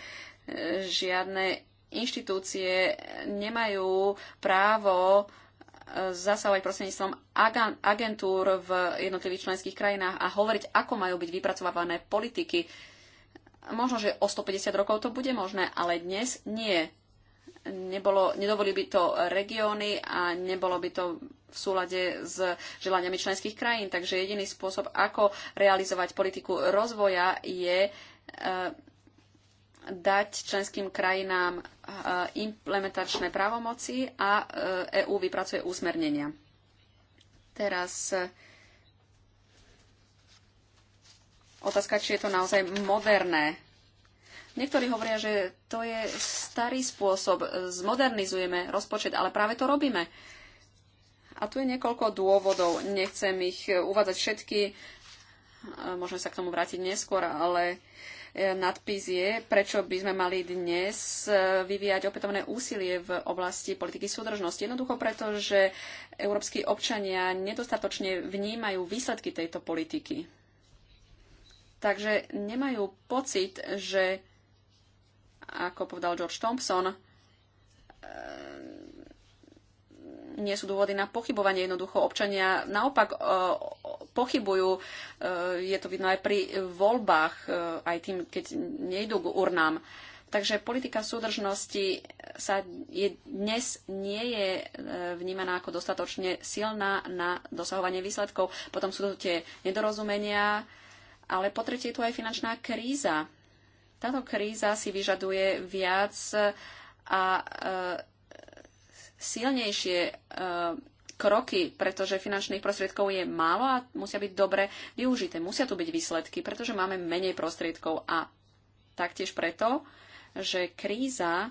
Speaker 3: žiadne inštitúcie nemajú právo e, zasahovať prostredníctvom agentúr v jednotlivých členských krajinách a hovoriť, ako majú byť vypracovávané politiky. Možno, že o 150 rokov to bude možné, ale dnes nie nebolo, nedovolili by to regióny a nebolo by to v súlade s želaniami členských krajín. Takže jediný spôsob, ako realizovať politiku rozvoja, je e, dať členským krajinám e, implementačné právomoci a EÚ e vypracuje úsmernenia. Teraz otázka, či je to naozaj moderné Niektorí hovoria, že to je starý spôsob, zmodernizujeme rozpočet, ale práve to robíme. A tu je niekoľko dôvodov, nechcem ich eh, uvádzať všetky, eh, môžeme sa k tomu vrátiť neskôr, ale eh, nadpis je, prečo by sme mali dnes vyvíjať opätovné úsilie v oblasti politiky súdržnosti. Jednoducho preto, že európsky občania nedostatočne vnímajú výsledky tejto politiky. Takže nemajú pocit, že ako povedal George Thompson, e, nie sú dôvody na pochybovanie. Jednoducho občania naopak e, pochybujú. E, je to vidno aj pri voľbách, aj tým, keď nejdú k urnám. Takže politika súdržnosti sa je, dnes nie je vnímaná ako dostatočne silná na dosahovanie výsledkov. Potom sú to tie nedorozumenia, ale po tretie je tu aj finančná kríza. Táto kríza si vyžaduje viac a e, silnejšie e, kroky, pretože finančných prostriedkov je málo a musia byť dobre využité. Musia tu byť výsledky, pretože máme menej prostriedkov a taktiež preto, že kríza e,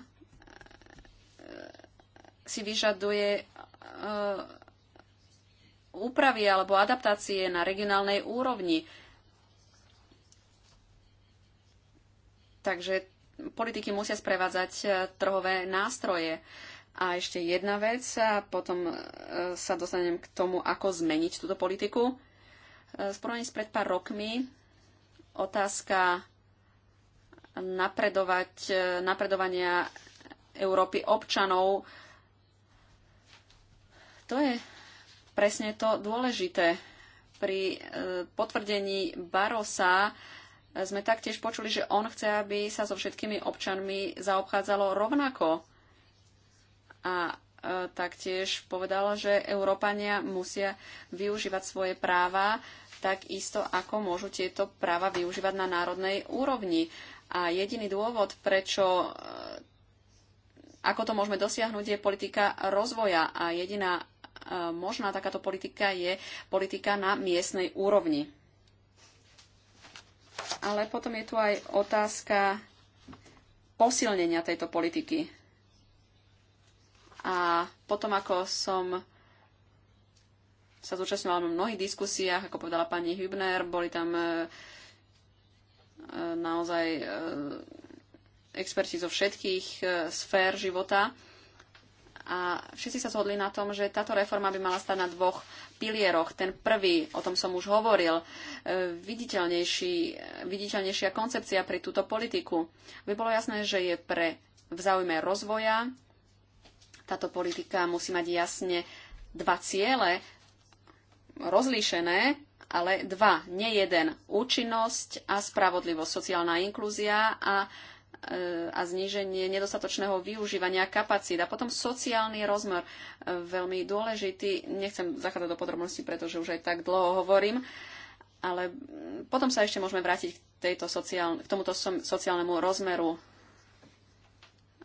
Speaker 3: si vyžaduje úpravy alebo adaptácie na regionálnej úrovni. Takže politiky musia sprevádzať e, trhové nástroje. A ešte jedna vec, a potom e, sa dostanem k tomu, ako zmeniť túto politiku. Sporovne e, s pred pár rokmi otázka napredovať, napredovania Európy občanov. To je presne to dôležité. Pri potvrdení Barosa sme taktiež počuli, že on chce, aby sa so všetkými občanmi zaobchádzalo rovnako. A e, taktiež povedala, že Európania musia využívať svoje práva takisto, ako môžu tieto práva využívať na národnej úrovni. A jediný dôvod, prečo e, ako to môžeme dosiahnuť, je politika rozvoja. A jediná e, možná takáto politika je politika na miestnej úrovni. Ale potom je tu aj otázka posilnenia tejto politiky. A potom, ako som sa zúčastňovala v mnohých diskusiách, ako povedala pani Hübner, boli tam e, e, naozaj e, experti zo všetkých sfér života. A všetci sa zhodli na tom, že táto reforma by mala stať na dvoch pilieroch. Ten prvý, o tom som už hovoril, e, viditeľnejší, viditeľnejšia koncepcia pre túto politiku. By bolo jasné, že je pre v záujme rozvoja. Táto politika musí mať jasne dva ciele, rozlíšené, ale dva, nie jeden. Účinnosť a spravodlivosť, sociálna inklúzia a E, a zníženie nedostatočného využívania kapacít. A potom sociálny rozmer, e, veľmi dôležitý. Nechcem zachádzať do podrobností, pretože už aj tak dlho hovorím, ale potom sa ešte môžeme vrátiť k, tejto sociál- k tomuto sociálnemu rozmeru,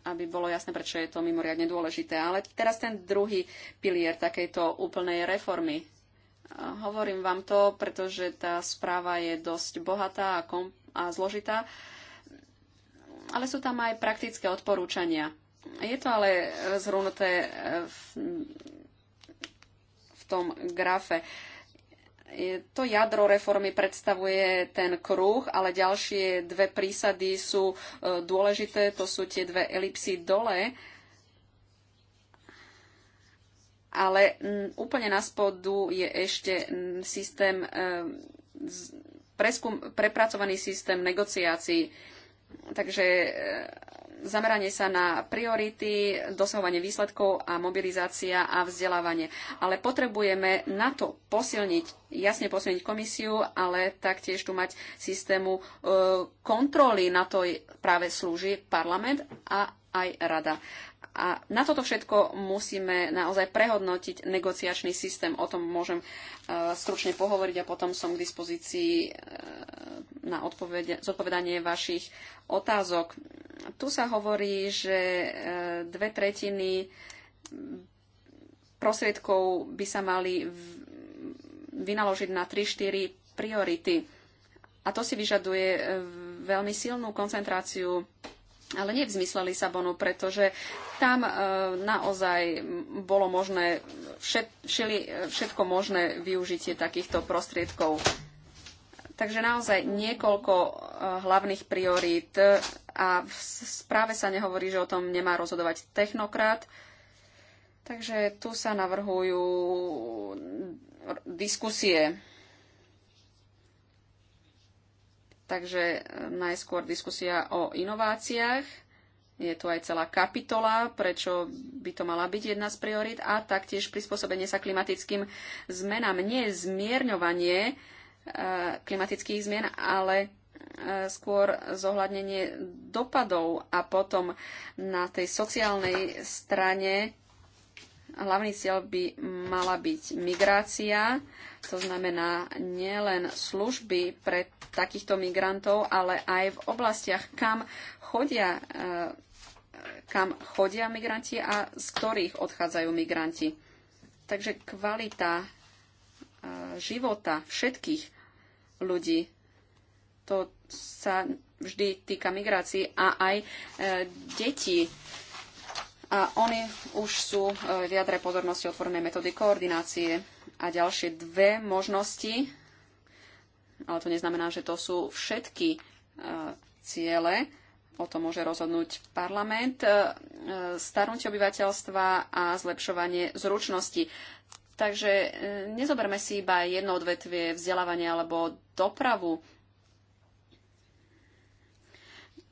Speaker 3: aby bolo jasné, prečo je to mimoriadne dôležité. Ale teraz ten druhý pilier takejto úplnej reformy. E, hovorím vám to, pretože tá správa je dosť bohatá a, kom- a zložitá ale sú tam aj praktické odporúčania. Je to ale zhrnuté e, v, v tom grafe. To jadro reformy predstavuje ten kruh, ale ďalšie dve prísady sú e, dôležité. To sú tie dve elipsy dole, ale úplne na spodu je ešte systém, e, preskum, prepracovaný systém negociácií. Takže e, zameranie sa na priority, dosahovanie výsledkov a mobilizácia a vzdelávanie. Ale potrebujeme na to posilniť, jasne posilniť komisiu, ale taktiež tu mať systému e, kontroly. Na to práve slúži parlament a aj rada. A na toto všetko musíme naozaj prehodnotiť negociačný systém. O tom môžem e, stručne pohovoriť a potom som k dispozícii na zodpovedanie vašich otázok. Tu sa hovorí, že e, dve tretiny prostriedkov by sa mali vynaložiť na 3-4 priority. A to si vyžaduje e, veľmi silnú koncentráciu ale nie v zmysle Lisabonu, pretože tam e, naozaj bolo možné všetko možné využitie takýchto prostriedkov. Takže naozaj niekoľko e, hlavných priorít a v správe sa nehovorí, že o tom nemá rozhodovať technokrat. Takže tu sa navrhujú diskusie. Takže e, najskôr diskusia o inováciách. Je tu aj celá kapitola, prečo by to mala byť jedna z priorít a taktiež prispôsobenie sa klimatickým zmenám. Nie zmierňovanie Eh, klimatických zmien, ale eh, skôr zohľadnenie dopadov a potom na tej sociálnej strane hlavný cieľ by mala byť migrácia, to znamená nielen služby pre takýchto migrantov, ale aj v oblastiach, kam chodia, eh, kam chodia migranti a z ktorých odchádzajú migranti. Takže kvalita života všetkých ľudí. To sa vždy týka migrácií a aj e, detí. A oni už sú e, v jadre pozornosti otvorené metódy koordinácie a ďalšie dve možnosti, ale to neznamená, že to sú všetky e, ciele, o tom môže rozhodnúť parlament, e, e, starnutie obyvateľstva a zlepšovanie zručnosti. Takže e, nezoberme si iba jedno odvetvie vzdelávanie alebo dopravu.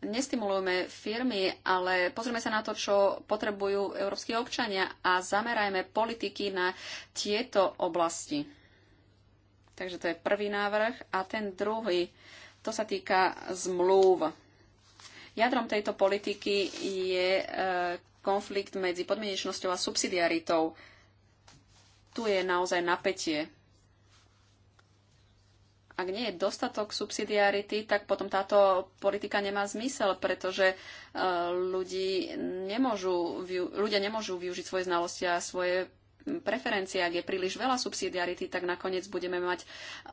Speaker 3: Nestimulujme firmy, ale pozrieme sa na to, čo potrebujú európsky občania a zamerajme politiky na tieto oblasti. Takže to je prvý návrh. A ten druhý, to sa týka zmluv. Jadrom tejto politiky je e, konflikt medzi podmienečnosťou a subsidiaritou tu je naozaj napätie. Ak nie je dostatok subsidiarity, tak potom táto politika nemá zmysel, pretože e, ľudí nemôžu, ľudia nemôžu využiť svoje znalosti a svoje preferencie, ak je príliš veľa subsidiarity, tak nakoniec budeme mať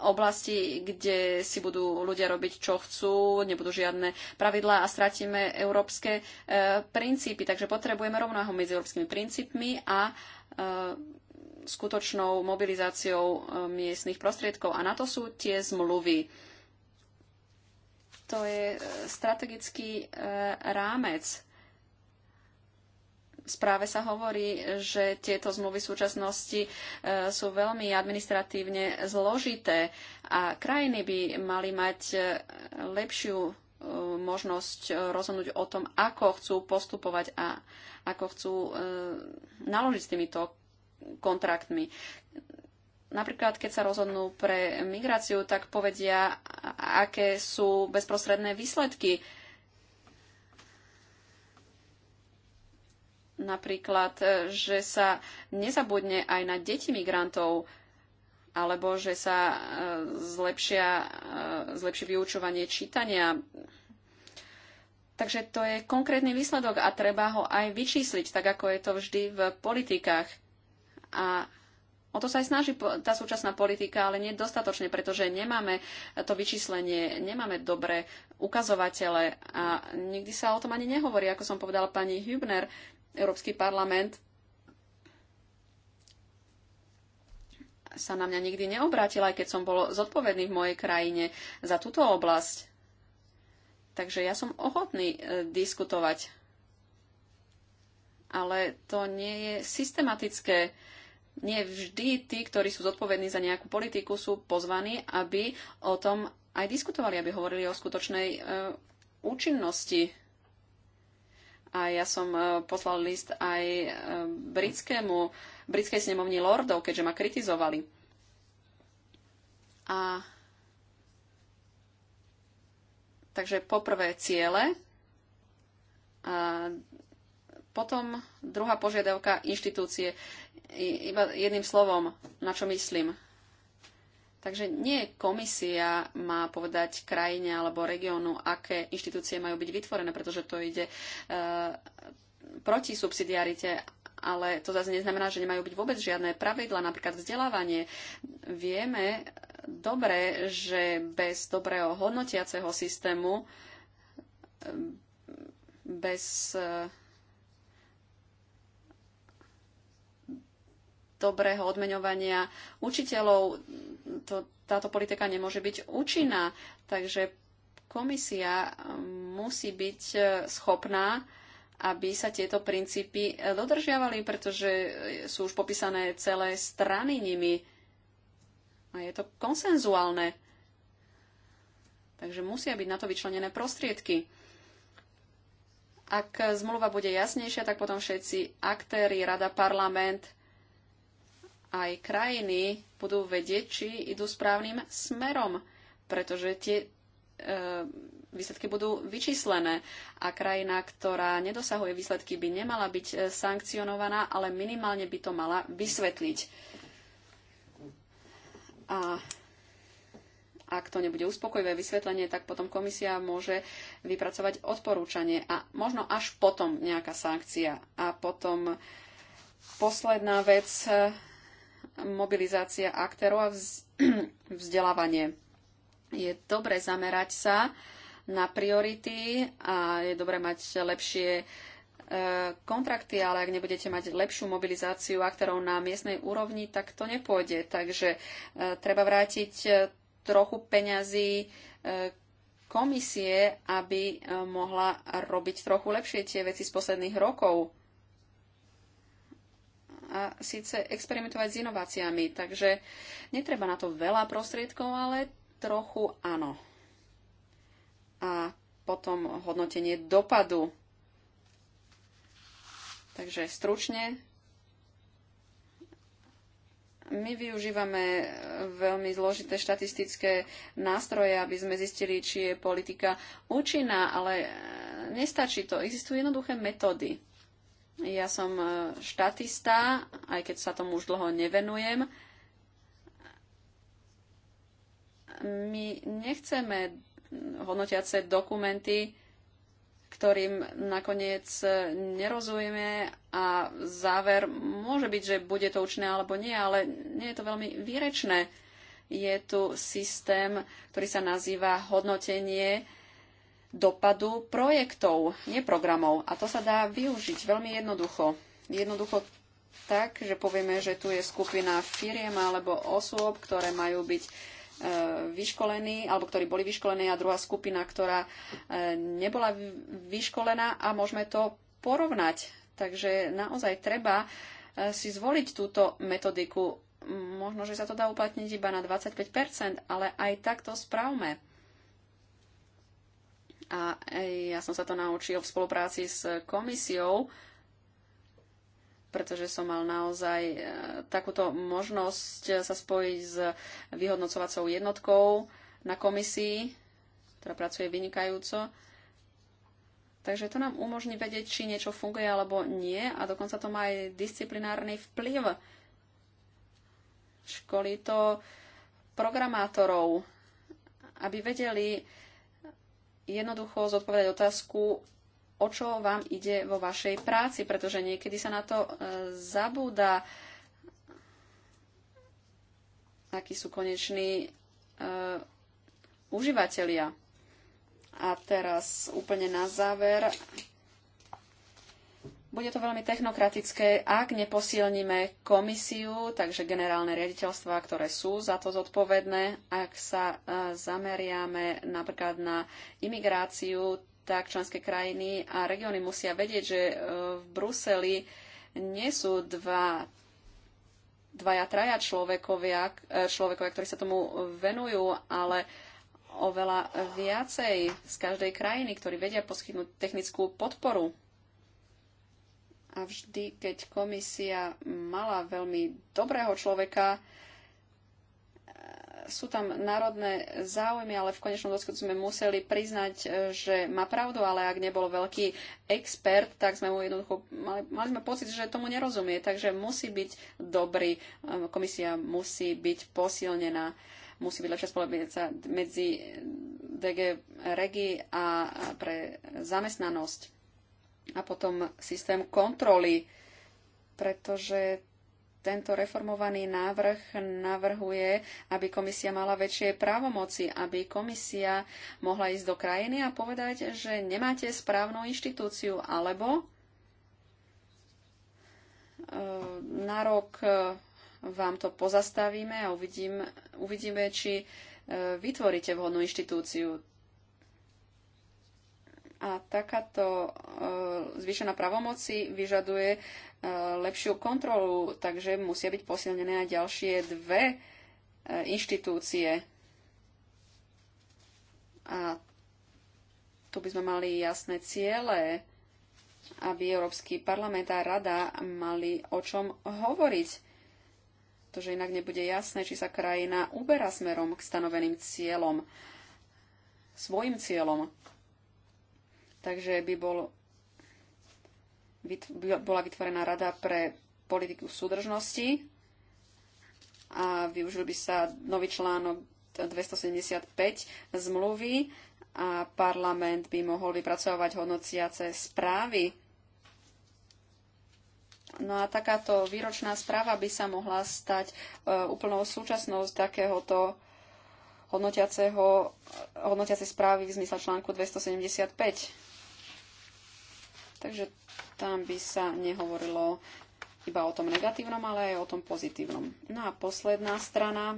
Speaker 3: oblasti, kde si budú ľudia robiť, čo chcú, nebudú žiadne pravidlá a stratíme európske e, princípy. Takže potrebujeme rovnáho medzi európskymi princípmi a e, skutočnou mobilizáciou eh, miestnych prostriedkov. A na to sú tie zmluvy. To je eh, strategický eh, rámec. V správe sa hovorí, že tieto zmluvy v súčasnosti sú veľmi administratívne zložité a krajiny by mali mať lepšiu možnosť rozhodnúť o tom, ako chcú postupovať a ako chcú naložiť s týmito kontraktmi. Napríklad, keď sa rozhodnú pre migráciu, tak povedia, aké sú bezprostredné výsledky. Napríklad, že sa nezabudne aj na deti migrantov, alebo že sa e, zlepšia, e, zlepší vyučovanie čítania. Takže to je konkrétny výsledok a treba ho aj vyčísliť, tak ako je to vždy v politikách a o to sa aj snaží tá súčasná politika, ale nedostatočne, pretože nemáme to vyčíslenie, nemáme dobré ukazovatele a nikdy sa o tom ani nehovorí. Ako som povedala pani Hübner, Európsky parlament sa na mňa nikdy neobrátil, aj keď som bol zodpovedný v mojej krajine za túto oblasť. Takže ja som ochotný e, diskutovať. Ale to nie je systematické nie vždy tí, ktorí sú zodpovední za nejakú politiku, sú pozvaní, aby o tom aj diskutovali, aby hovorili o skutočnej e, účinnosti. A ja som e, poslal list aj e, britskému, britskej snemovni lordov, keďže ma kritizovali. A takže poprvé ciele, a potom druhá požiadavka inštitúcie iba jedným slovom, na čo myslím. Takže nie komisia má povedať krajine alebo regiónu, aké inštitúcie majú byť vytvorené, pretože to ide e, proti subsidiarite, ale to zase neznamená, že nemajú byť vôbec žiadne pravidla, napríklad vzdelávanie. Vieme dobre, že bez dobrého hodnotiaceho systému, e, bez e, dobrého odmeňovania učiteľov. To, táto politika nemôže byť účinná, takže komisia um, musí byť e, schopná aby sa tieto princípy e, dodržiavali, pretože e, sú už popísané celé strany nimi. A je to konsenzuálne. Takže musia byť na to vyčlenené prostriedky. Ak zmluva bude jasnejšia, tak potom všetci aktéry, rada, parlament aj krajiny budú vedieť, či idú správnym smerom, pretože tie e, výsledky budú vyčíslené a krajina, ktorá nedosahuje výsledky, by nemala byť e, sankcionovaná, ale minimálne by to mala vysvetliť. A ak to nebude uspokojivé vysvetlenie, tak potom komisia môže vypracovať odporúčanie a možno až potom nejaká sankcia. A potom posledná vec, mobilizácia aktérov a vzdelávanie. Je dobre zamerať sa na priority a je dobre mať lepšie e, kontrakty, ale ak nebudete mať lepšiu mobilizáciu aktérov na miestnej úrovni, tak to nepôjde. Takže e, treba vrátiť e, trochu peňazí komisie, aby mohla robiť trochu lepšie tie veci z posledných rokov a síce experimentovať s inováciami. Takže netreba na to veľa prostriedkov, ale trochu áno. A potom hodnotenie dopadu. Takže stručne my využívame veľmi zložité štatistické nástroje, aby sme zistili, či je politika účinná, ale nestačí to. Existujú jednoduché metódy. Ja som e, štatista, aj keď sa tomu už dlho nevenujem. My nechceme hodnotiace dokumenty, ktorým nakoniec e, nerozumieme a záver môže byť, že bude to účné alebo nie, ale nie je to veľmi výrečné. Je tu systém, ktorý sa nazýva hodnotenie dopadu projektov, nie programov. A to sa dá využiť veľmi jednoducho. Jednoducho tak, že povieme, že tu je skupina firiem alebo osôb, ktoré majú byť e, vyškolení, alebo ktorí boli vyškolení a druhá skupina, ktorá e, nebola vyškolená a môžeme to porovnať. Takže naozaj treba e, si zvoliť túto metodiku. Možno, že sa to dá uplatniť iba na 25%, ale aj tak to správme. A ja som sa to naučil v spolupráci s komisiou, pretože som mal naozaj e, takúto možnosť e, sa spojiť s vyhodnocovacou jednotkou na komisii, ktorá pracuje vynikajúco. Takže to nám umožní vedieť, či niečo funguje alebo nie a dokonca to má aj disciplinárny vplyv. Školí to programátorov, aby vedeli, jednoducho zodpovedať otázku, o čo vám ide vo vašej práci, pretože niekedy sa na to e, zabúda, akí sú koneční e, užívateľia. A teraz úplne na záver bude to veľmi technokratické, ak neposilníme komisiu, takže generálne riaditeľstva, ktoré sú za to zodpovedné, ak sa e, zameriame napríklad na imigráciu, tak členské krajiny a regióny musia vedieť, že e, v Bruseli nie sú dva dvaja, traja človekovia, e, človekovia, ktorí sa tomu venujú, ale oveľa viacej z každej krajiny, ktorí vedia poskytnúť technickú podporu a vždy, keď komisia mala veľmi dobrého človeka, e, sú tam národné záujmy, ale v konečnom dôsledku sme museli priznať, e, že má pravdu, ale ak nebol veľký expert, tak sme mu jednoducho mali, mali sme pocit, že tomu nerozumie, takže musí byť dobrý, e, komisia musí byť posilnená, musí byť lepšia spolupráca medzi DG Regi a pre zamestnanosť a potom systém kontroly, pretože tento reformovaný návrh navrhuje, aby komisia mala väčšie právomoci, aby komisia mohla ísť do krajiny a povedať, že nemáte správnu inštitúciu alebo e, na rok e, vám to pozastavíme a uvidím, uvidíme, či e, vytvoríte vhodnú inštitúciu. A takáto e, zvýšená pravomoci vyžaduje e, lepšiu kontrolu, takže musia byť posilnené aj ďalšie dve e, inštitúcie. A tu by sme mali jasné ciele, aby Európsky parlament a rada mali o čom hovoriť. To, že inak nebude jasné, či sa krajina uberá smerom k stanoveným cieľom, svojim cieľom. Takže by bol, by bola vytvorená rada pre politiku súdržnosti a využil by sa nový článok 275 zmluvy a parlament by mohol vypracovať hodnociace správy. No a takáto výročná správa by sa mohla stať e, úplnou súčasnou z takéhoto hodnotiaceho, hodnotiacej správy v zmysle článku 275. Takže tam by sa nehovorilo iba o tom negatívnom, ale aj o tom pozitívnom. No a posledná strana.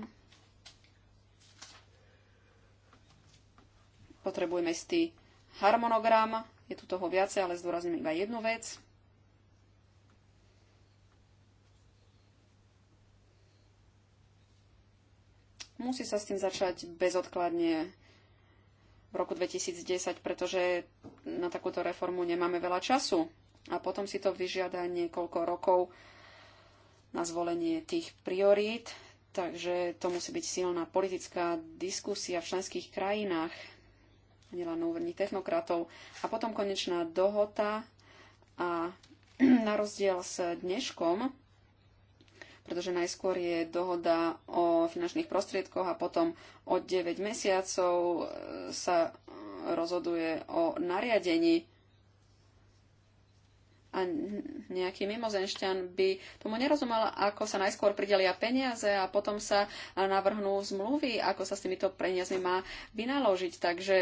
Speaker 3: Potrebujeme istý harmonogram. Je tu toho viacej, ale zdôrazním iba jednu vec. Musí sa s tým začať bezodkladne v roku 2010, pretože na takúto reformu nemáme veľa času. A potom si to vyžiada niekoľko rokov na zvolenie tých priorít, takže to musí byť silná politická diskusia v členských krajinách, nielen na technokratov. A potom konečná dohota a na rozdiel s dneškom pretože najskôr je dohoda o finančných prostriedkoch a potom od 9 mesiacov e, sa e, rozhoduje o nariadení a nejaký mimozenšťan by tomu nerozumel, ako sa najskôr pridelia peniaze a potom sa e, navrhnú zmluvy, ako sa s týmito peniazmi má vynaložiť. Takže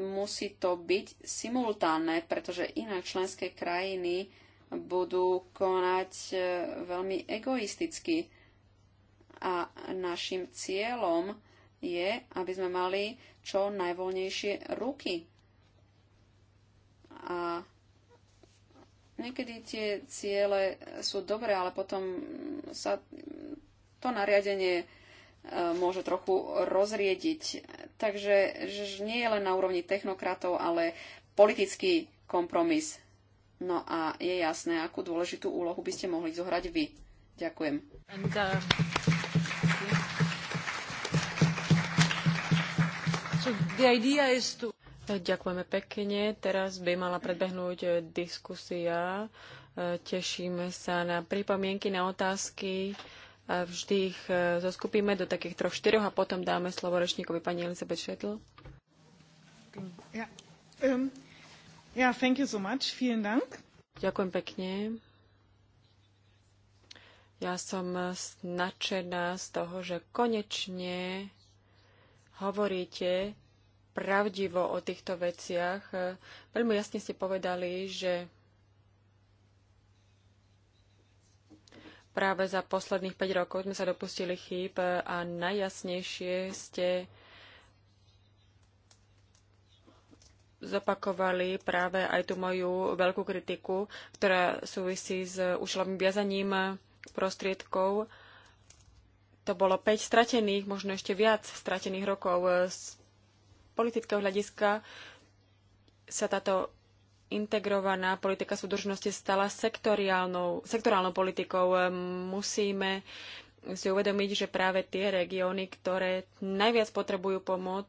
Speaker 3: musí to byť simultánne, pretože iné členské krajiny budú konať e, veľmi egoisticky. A našim cieľom je, aby sme mali čo najvoľnejšie ruky. A niekedy tie ciele sú dobré, ale potom sa to nariadenie e, môže trochu rozriediť. Takže nie je len na úrovni technokratov, ale politický kompromis No a je jasné, akú dôležitú úlohu by ste mohli zohrať vy. Ďakujem. And, uh, so the idea is to... Ďakujeme pekne.
Speaker 1: Teraz by mala predbehnúť diskusia. E, tešíme sa na pripomienky, na otázky. Vždy ich e, zoskupíme do takých troch, štyroch a potom dáme slovo rečníkovi pani Elizabeth Šetl. Um. Ďakujem pekne. Ja som nadšená z toho, že konečne hovoríte pravdivo o týchto veciach. Veľmi jasne ste povedali, že práve za posledných 5 rokov sme sa dopustili chýb a najjasnejšie ste zopakovali práve aj tú moju veľkú kritiku, ktorá súvisí s ušlovým viazaním prostriedkov. To bolo 5 stratených, možno ešte viac stratených rokov. Z politického hľadiska sa táto integrovaná politika súdržnosti stala sektoriálnou, sektorálnou politikou. Musíme si uvedomiť, že práve tie regióny, ktoré najviac potrebujú pomoc,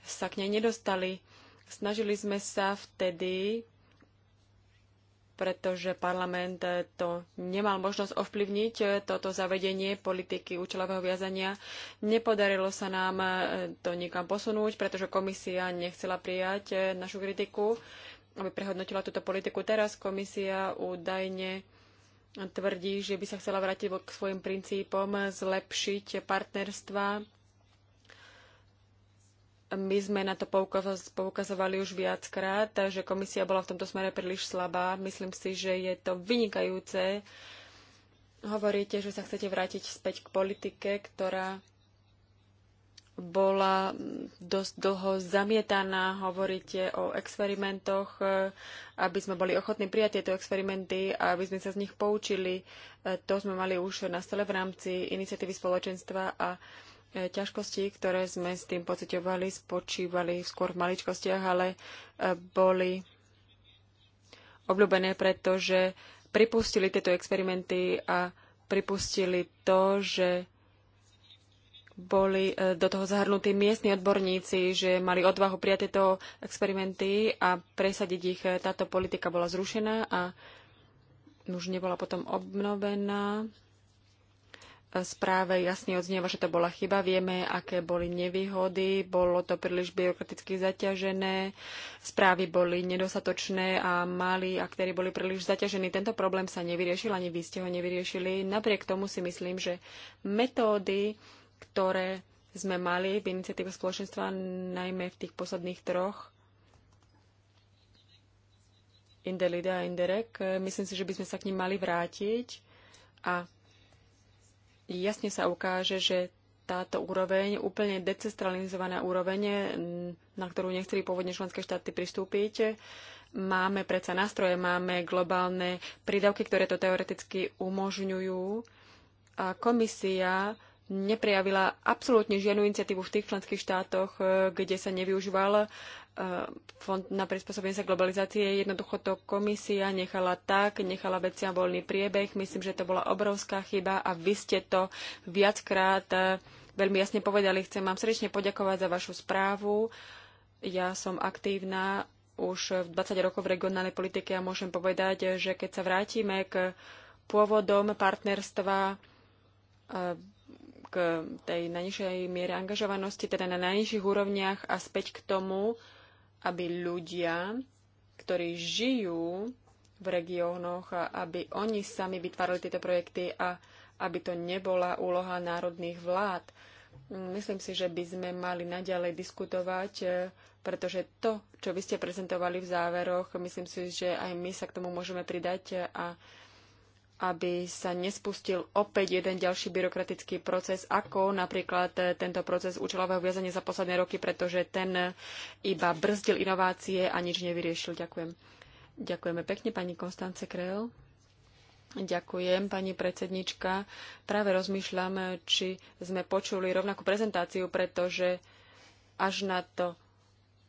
Speaker 1: sa k nej nedostali. Snažili sme sa vtedy, pretože parlament to nemal možnosť ovplyvniť, toto zavedenie politiky účelového viazania. Nepodarilo sa nám e, to nikam posunúť, pretože komisia nechcela prijať e, našu kritiku, aby prehodnotila túto politiku. Teraz komisia údajne tvrdí, že by sa chcela vrátiť k svojim princípom, zlepšiť partnerstva my sme na to poukazovali už viackrát, že komisia bola v tomto smere príliš slabá. Myslím si, že je to vynikajúce. Hovoríte, že sa chcete vrátiť späť k politike, ktorá bola dosť dlho zamietaná. Hovoríte o experimentoch, e, aby sme boli ochotní prijať tieto experimenty a aby sme sa z nich poučili. E, to sme mali už na stole v rámci iniciatívy spoločenstva a E, ťažkosti, ktoré sme s tým pocitovali, spočívali skôr v maličkostiach, ale e, boli obľúbené, pretože pripustili tieto experimenty a pripustili to, že boli e, do toho zahrnutí miestni odborníci, že mali odvahu prijať tieto experimenty a presadiť ich. Táto politika bola zrušená a už nebola potom obnovená správe jasne odznieva, že to bola chyba. Vieme, aké boli nevýhody, bolo to príliš byrokraticky zaťažené, správy boli nedostatočné a mali aktéry boli príliš zaťažení. Tento problém sa nevyriešil, ani vy ste ho nevyriešili. Napriek tomu si myslím, že metódy, ktoré sme mali v iniciatíve spoločenstva, najmä v tých posledných troch, Indelida a Inderek, myslím si, že by sme sa k nim mali vrátiť a jasne sa ukáže, že táto úroveň, úplne decentralizovaná úroveň, na ktorú nechceli pôvodne členské štáty pristúpiť, máme predsa nástroje, máme globálne prídavky, ktoré to teoreticky umožňujú. A komisia neprejavila absolútne žiadnu iniciatívu v tých členských štátoch, kde sa nevyužíval E, fond na prispôsobenie sa globalizácie. Jednoducho to komisia nechala tak, nechala veciam voľný priebeh. Myslím, že to bola obrovská chyba a vy ste to viackrát e, veľmi jasne povedali. Chcem vám srdečne poďakovať za vašu správu. Ja som aktívna už 20 rokov v regionálnej politike a môžem povedať, že keď sa vrátime k pôvodom partnerstva, e, k tej najnižšej miere angažovanosti, teda na najnižších úrovniach a späť k tomu, aby ľudia, ktorí žijú v regiónoch, aby oni sami vytvárali tieto projekty a aby to nebola úloha národných vlád. Myslím si, že by sme mali naďalej diskutovať, e, pretože to, čo vy ste prezentovali v záveroch, myslím si, že aj my sa k tomu môžeme pridať e, a aby sa nespustil opäť jeden ďalší byrokratický proces, ako napríklad e, tento proces účelového viazania za posledné roky, pretože ten e, iba brzdil inovácie a nič nevyriešil. Ďakujem. Ďakujeme pekne, pani Konstance Kreel. Ďakujem, pani predsednička. Práve rozmýšľam, e, či sme počuli rovnakú prezentáciu, pretože až na to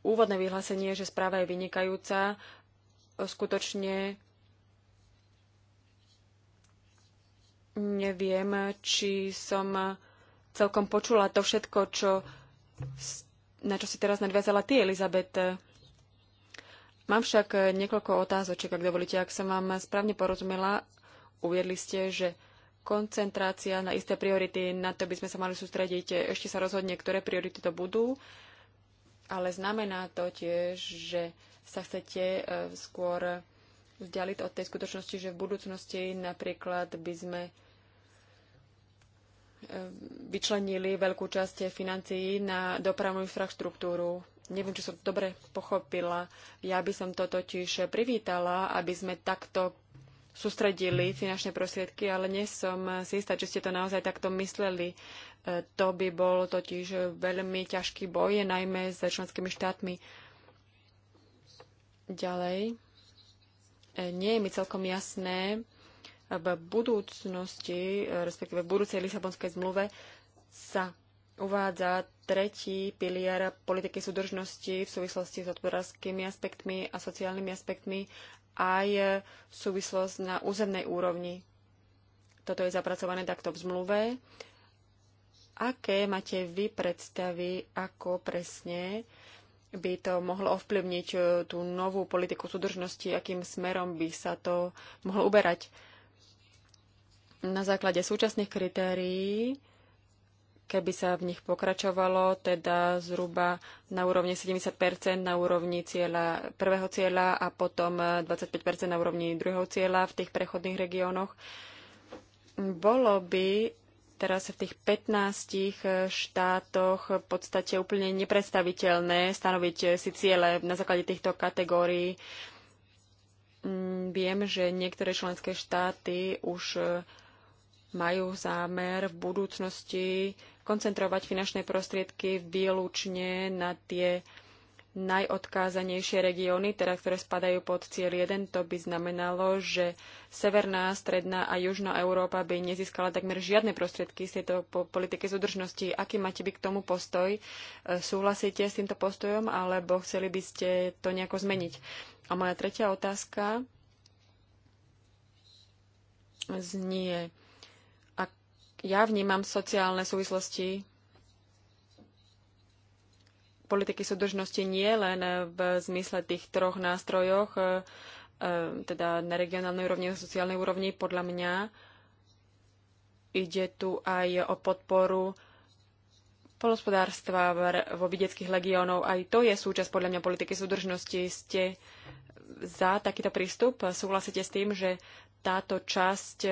Speaker 1: úvodné vyhlásenie, že správa je vynikajúca, skutočne Neviem, či som celkom počula to všetko, čo, na čo si teraz nadviazala ty, Elizabet. Mám však niekoľko otázočiek, ak dovolíte. Ak som vám správne porozumela, uviedli ste, že koncentrácia na isté priority, na to by sme sa mali sústrediť. Ešte sa rozhodne, ktoré priority to budú, ale znamená to tiež, že sa chcete eh, skôr vzdialiť od tej skutočnosti, že v budúcnosti napríklad by sme e, vyčlenili veľkú časť financií na dopravnú infraštruktúru. Neviem, či som to dobre pochopila. Ja by som to totiž privítala, aby sme takto sústredili finančné prostriedky, ale nie som si istá, či ste to naozaj takto mysleli. E, to by bol totiž veľmi ťažký boj, najmä s členskými štátmi. Ďalej nie je mi celkom jasné v budúcnosti, respektíve v budúcej Lisabonskej zmluve sa uvádza tretí pilier politiky súdržnosti v súvislosti s hospodárskymi aspektmi a sociálnymi aspektmi aj súvislosť na územnej úrovni. Toto je zapracované takto v zmluve. Aké máte vy predstavy, ako presne by to mohlo ovplyvniť e, tú novú politiku súdržnosti, akým smerom by sa to mohlo uberať. Na základe súčasných kritérií, keby sa v nich pokračovalo, teda zhruba na úrovni 70 na úrovni cieľa, prvého cieľa a potom 25 e, na úrovni druhého cieľa v tých prechodných regiónoch, bolo by teraz v tých 15 eh, štátoch v podstate úplne nepredstaviteľné stanoviť eh, si ciele na základe týchto kategórií. Mm, viem, že niektoré členské štáty už eh, majú zámer v budúcnosti koncentrovať finančné prostriedky výlučne na tie najodkázanejšie regióny, teda ktoré spadajú pod cieľ 1, to by znamenalo, že Severná, Stredná a Južná Európa by nezískala takmer žiadne prostriedky z tejto politiky súdržnosti. Aký máte by k tomu postoj? E, súhlasíte s týmto postojom alebo chceli by ste to nejako zmeniť? A moja tretia otázka znie, ak ja vnímam sociálne súvislosti politiky súdržnosti nie len v zmysle tých troch nástrojoch, e, e, teda na regionálnej úrovni a sociálnej úrovni, podľa mňa ide tu aj o podporu polospodárstva vo vidieckých legiónov. Aj to je súčasť podľa mňa politiky súdržnosti. Ste za takýto prístup? Súhlasíte s tým, že táto časť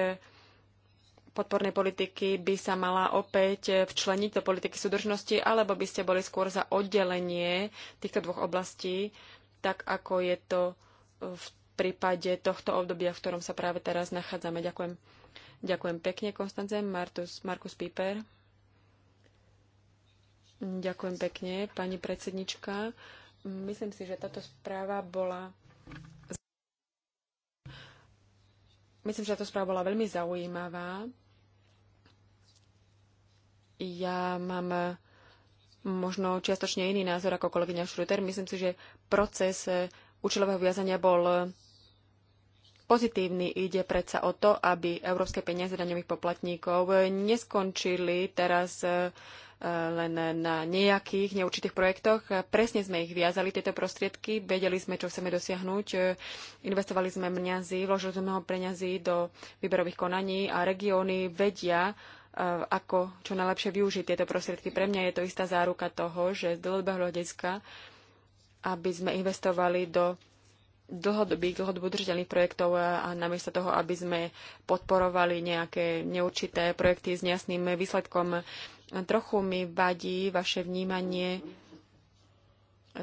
Speaker 1: podpornej politiky by sa mala opäť včleniť do politiky súdržnosti, alebo by ste boli skôr za oddelenie týchto dvoch oblastí, tak ako je to v prípade tohto obdobia, v ktorom sa práve teraz nachádzame. Ďakujem. Ďakujem pekne, Konstance. Martus, Markus Piper. Ďakujem pekne, pani predsednička. Myslím si, že táto správa bola Myslím, že táto správa bola veľmi zaujímavá. Ja mám možno čiastočne iný názor ako kolegyňa Šruter. Myslím si, že proces účelového viazania bol pozitívny. Ide predsa o to, aby európske peniaze daňových poplatníkov neskončili teraz eh, len na nejakých neurčitých projektoch. Presne sme ich viazali, tieto prostriedky, vedeli sme, čo chceme dosiahnuť, investovali sme mňazy, vložili sme ho preňazy do výberových konaní a regióny vedia, ako čo najlepšie využiť tieto prostriedky. Pre mňa je to istá záruka toho, že z dlhodobého hľadiska, aby sme investovali do dlhodobých, dlhodobo udržateľných projektov a namiesto toho, aby sme podporovali nejaké neurčité projekty s nejasným výsledkom. Trochu mi vadí vaše vnímanie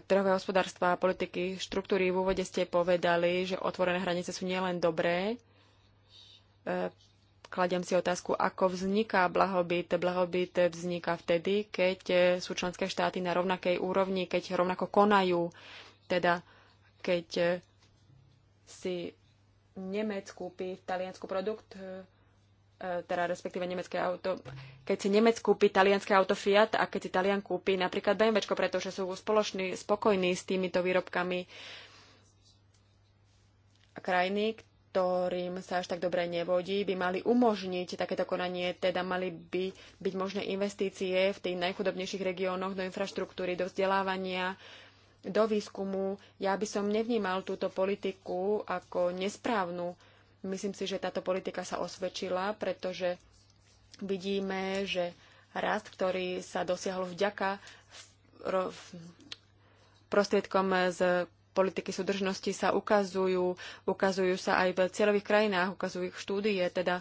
Speaker 1: trhového hospodárstva a politiky štruktúry. V úvode ste povedali, že otvorené hranice sú nielen dobré, kladiem si otázku, ako vzniká blahobyt. Blahobyt vzniká vtedy, keď e, sú členské štáty na rovnakej úrovni, keď rovnako konajú, teda keď e, si Nemec kúpi v Taliansku produkt, e, teda respektíve nemecké auto, keď si Nemec kúpi talianské auto Fiat a keď si Talian kúpi napríklad BMW, pretože sú spoloční, spokojní s týmito výrobkami krajiny, ktorým sa až tak dobre nevodí, by mali umožniť takéto konanie, teda mali by byť možné investície v tých najchudobnejších regiónoch do infraštruktúry, do vzdelávania, do výskumu. Ja by som nevnímal túto politiku ako nesprávnu. Myslím si, že táto politika sa osvedčila, pretože vidíme, že rast, ktorý sa dosiahol vďaka prostriedkom z politiky súdržnosti sa ukazujú, ukazujú sa aj v cieľových krajinách, ukazujú ich štúdie, teda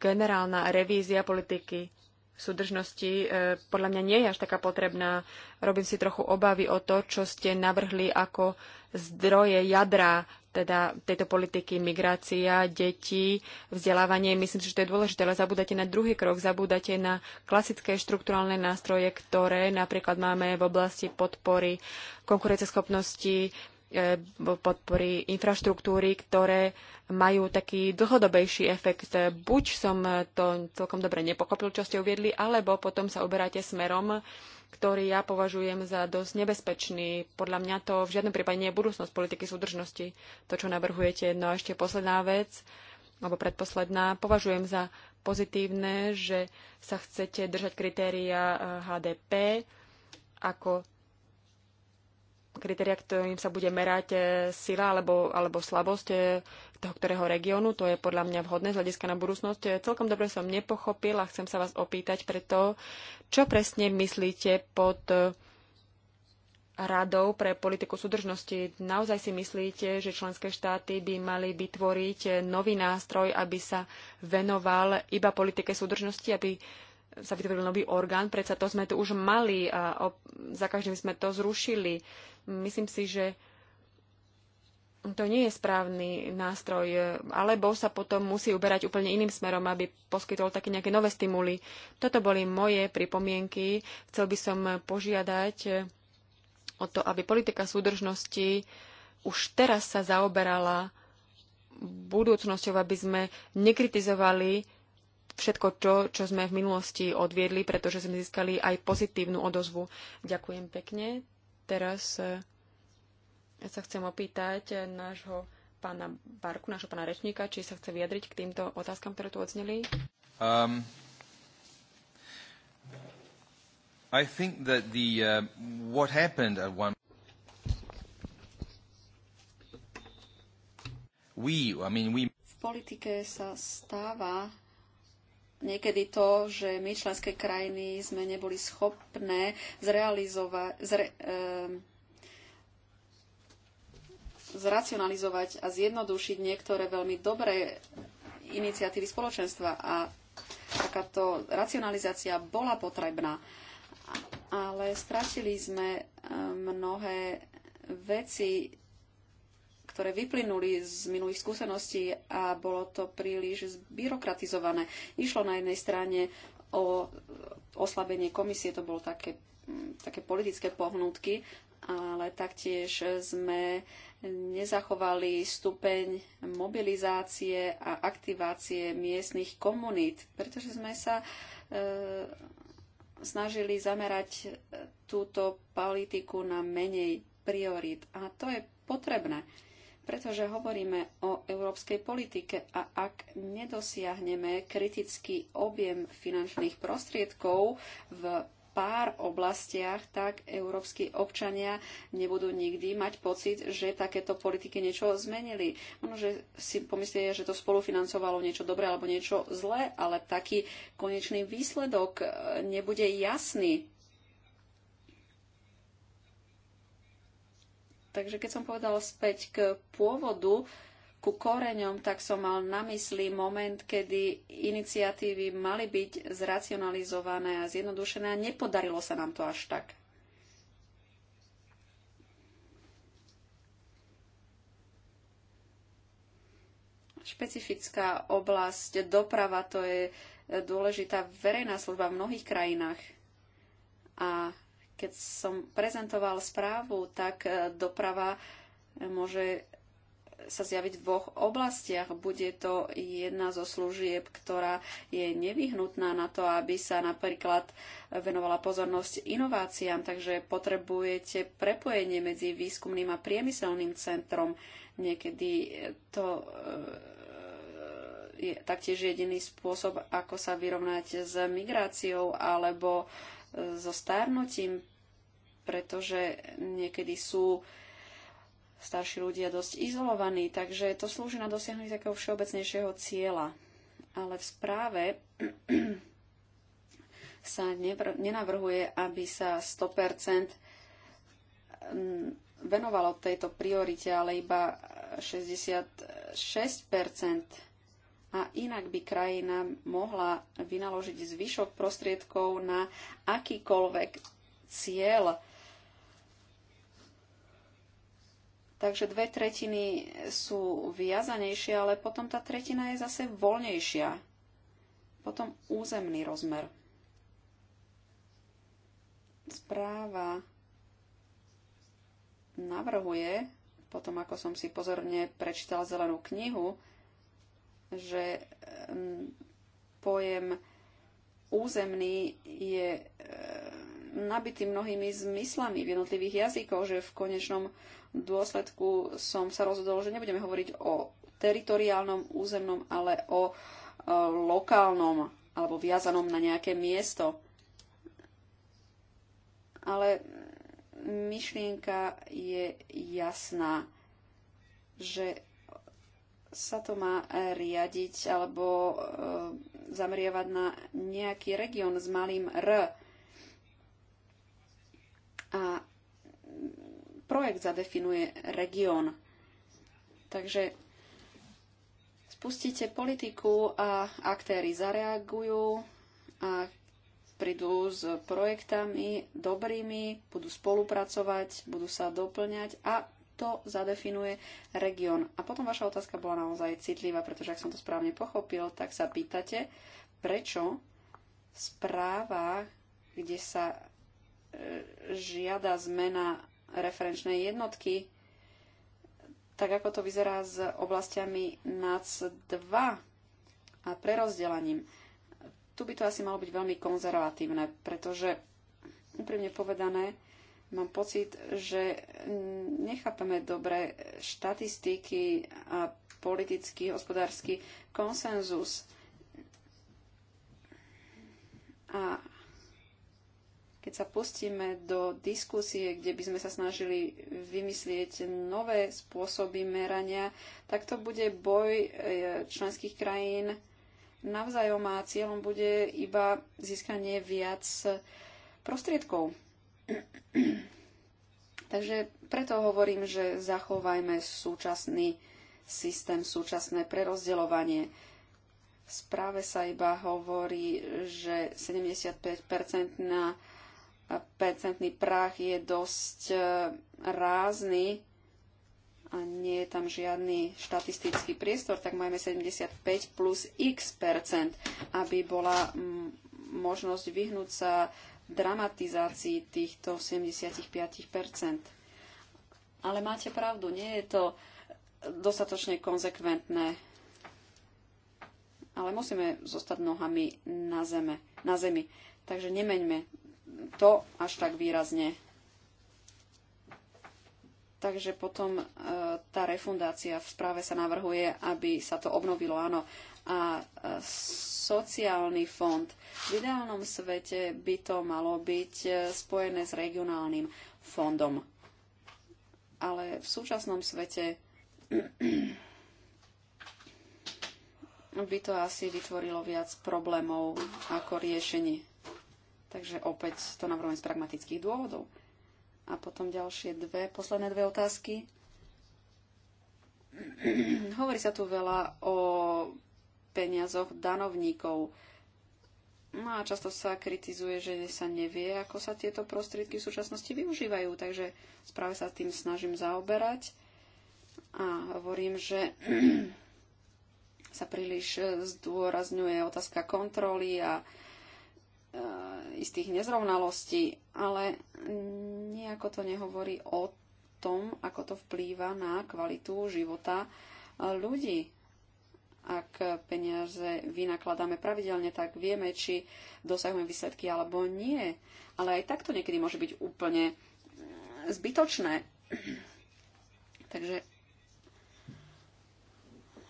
Speaker 1: generálna revízia politiky súdržnosti e, podľa mňa nie je až taká potrebná. Robím si trochu obavy o to, čo ste navrhli ako zdroje jadra teda tejto politiky migrácia, deti, vzdelávanie. Myslím si, že to je dôležité, ale zabúdate na druhý krok, zabúdate na klasické štruktúralne nástroje, ktoré napríklad máme v oblasti podpory konkurenceschopnosti, E, podpory infraštruktúry, ktoré majú taký dlhodobejší efekt. Buď som to celkom dobre nepochopil, čo ste uviedli, alebo potom sa uberáte smerom, ktorý ja považujem za dosť nebezpečný. Podľa mňa to v žiadnom prípade nie je budúcnosť politiky súdržnosti, to, čo navrhujete. No a ešte posledná vec, alebo predposledná, považujem za pozitívne, že sa chcete držať kritéria e, HDP ako kritéria, ktorým sa bude merať e, sila alebo, alebo slabosť e, toho ktorého regiónu. To je podľa mňa vhodné z hľadiska na budúcnosť. E, celkom dobre som nepochopil a chcem sa vás opýtať preto, čo presne myslíte pod radou pre politiku súdržnosti. Naozaj si myslíte, že členské štáty by mali vytvoriť nový nástroj, aby sa venoval iba politike súdržnosti, aby sa vytvoril nový orgán? Predsa to sme tu už mali a za každým sme to zrušili. Myslím si, že to nie je správny nástroj, alebo sa potom musí uberať úplne iným smerom, aby poskytol také nejaké nové stimuly. Toto boli moje pripomienky. Chcel by som požiadať o to, aby politika súdržnosti už teraz sa zaoberala budúcnosťou, aby sme nekritizovali všetko to, čo sme v minulosti odviedli, pretože sme získali aj pozitívnu odozvu. Ďakujem pekne. Teraz e, sa chcem opýtať e, nášho pána Barku, nášho pána rečníka, či sa chce vyjadriť k týmto otázkam, ktoré tu odzneli.
Speaker 2: Um,
Speaker 3: I think that the, uh, what happened at one
Speaker 2: We, I mean, we... V
Speaker 3: politike sa stáva, niekedy to, že my členské krajiny sme neboli schopné zrealizovať, zre, e, zracionalizovať a zjednodušiť niektoré veľmi dobré iniciatívy spoločenstva a takáto racionalizácia bola potrebná. Ale stratili sme ehm, mnohé veci ktoré vyplynuli z minulých skúseností a bolo to príliš zbyrokratizované. Išlo na jednej strane o oslabenie komisie, to bolo také, mm, také politické pohnutky, ale taktiež sme nezachovali stupeň mobilizácie a aktivácie miestnych komunít, pretože sme sa e, snažili zamerať e, túto politiku na menej priorit. A to je potrebné pretože hovoríme o európskej politike a ak nedosiahneme kritický objem finančných prostriedkov v pár oblastiach, tak európsky občania nebudú nikdy mať pocit, že takéto politiky niečo zmenili. Možno, že si pomyslie, že to spolufinancovalo niečo dobré alebo niečo zlé, ale taký konečný výsledok eh, nebude jasný. Takže keď som povedala späť k pôvodu, ku koreňom, tak som mal na mysli moment, kedy iniciatívy mali byť zracionalizované a zjednodušené a nepodarilo sa nám to až tak. Špecifická oblasť doprava to je e, dôležitá verejná služba v mnohých krajinách. A keď som prezentoval správu, tak e, doprava e, môže sa zjaviť v dvoch oblastiach. Bude to jedna zo služieb, ktorá je nevyhnutná na to, aby sa napríklad venovala pozornosť inováciám, takže potrebujete prepojenie medzi výskumným a priemyselným centrom. Niekedy to e, je taktiež jediný spôsob, ako sa vyrovnať s migráciou alebo so stárnutím pretože niekedy sú starší ľudia dosť izolovaní, takže to slúži na dosiahnutie takého všeobecnejšieho cieľa. Ale v správe sa nenavrhuje, aby sa 100% mm, venovalo tejto priorite, ale iba 66%. A inak by krajina mohla vynaložiť zvyšok prostriedkov na akýkoľvek cieľ, Takže dve tretiny sú viazanejšie, ale potom tá tretina je zase voľnejšia. Potom územný rozmer. Správa navrhuje, potom ako som si pozorne prečítala zelenú knihu, že pojem územný je nabitý mnohými zmyslami v jednotlivých jazykoch, že v konečnom dôsledku som sa rozhodol, že nebudeme hovoriť o teritoriálnom, územnom, ale o e, lokálnom alebo viazanom na nejaké miesto. Ale myšlienka je jasná, že sa to má riadiť alebo e, zameriavať na nejaký región s malým R a projekt zadefinuje región. Takže spustíte politiku a aktéry zareagujú a prídu s projektami dobrými, budú spolupracovať, budú sa doplňať a to zadefinuje región. A potom vaša otázka bola naozaj citlivá, pretože ak som to správne pochopil, tak sa pýtate, prečo správa, kde sa žiada zmena referenčnej jednotky, tak ako to vyzerá s oblastiami NAC2 a prerozdelením. Tu by to asi malo byť veľmi konzervatívne, pretože úprimne povedané, mám pocit, že nechápame dobre štatistiky a politický, hospodársky konsenzus. A keď sa pustíme do diskusie, kde by sme sa snažili vymyslieť nové spôsoby merania, tak to bude boj e, členských krajín navzájom a cieľom bude iba získanie viac prostriedkov. Takže preto hovorím, že zachovajme súčasný systém, súčasné prerozdeľovanie. V správe sa iba hovorí, že 75% na percentný prach je dosť e, rázny a nie je tam žiadny štatistický priestor, tak máme 75 plus x percent, aby bola možnosť vyhnúť sa dramatizácii týchto 75 percent. Ale máte pravdu, nie je to dostatočne konzekventné. Ale musíme zostať nohami na, zeme, na zemi. Takže nemeňme to až tak výrazne. Takže potom e, tá refundácia v správe sa navrhuje, aby sa to obnovilo, áno. A e, sociálny fond. V ideálnom svete by to malo byť e, spojené s regionálnym fondom. Ale v súčasnom svete by to asi vytvorilo viac problémov ako riešení. Takže opäť to navrhujem z pragmatických dôvodov. A potom ďalšie dve, posledné dve otázky. Hovorí sa tu veľa o peniazoch danovníkov. No a často sa kritizuje, že sa nevie, ako sa tieto prostriedky v súčasnosti využívajú, takže práve sa tým snažím zaoberať a hovorím, že sa príliš zdôrazňuje otázka kontroly a E, istých nezrovnalostí, ale nejako to nehovorí o tom, ako to vplýva na kvalitu života e, ľudí. Ak peniaze vynakladáme pravidelne, tak vieme, či dosahujeme výsledky alebo nie. Ale aj takto niekedy môže byť úplne mm, zbytočné. Takže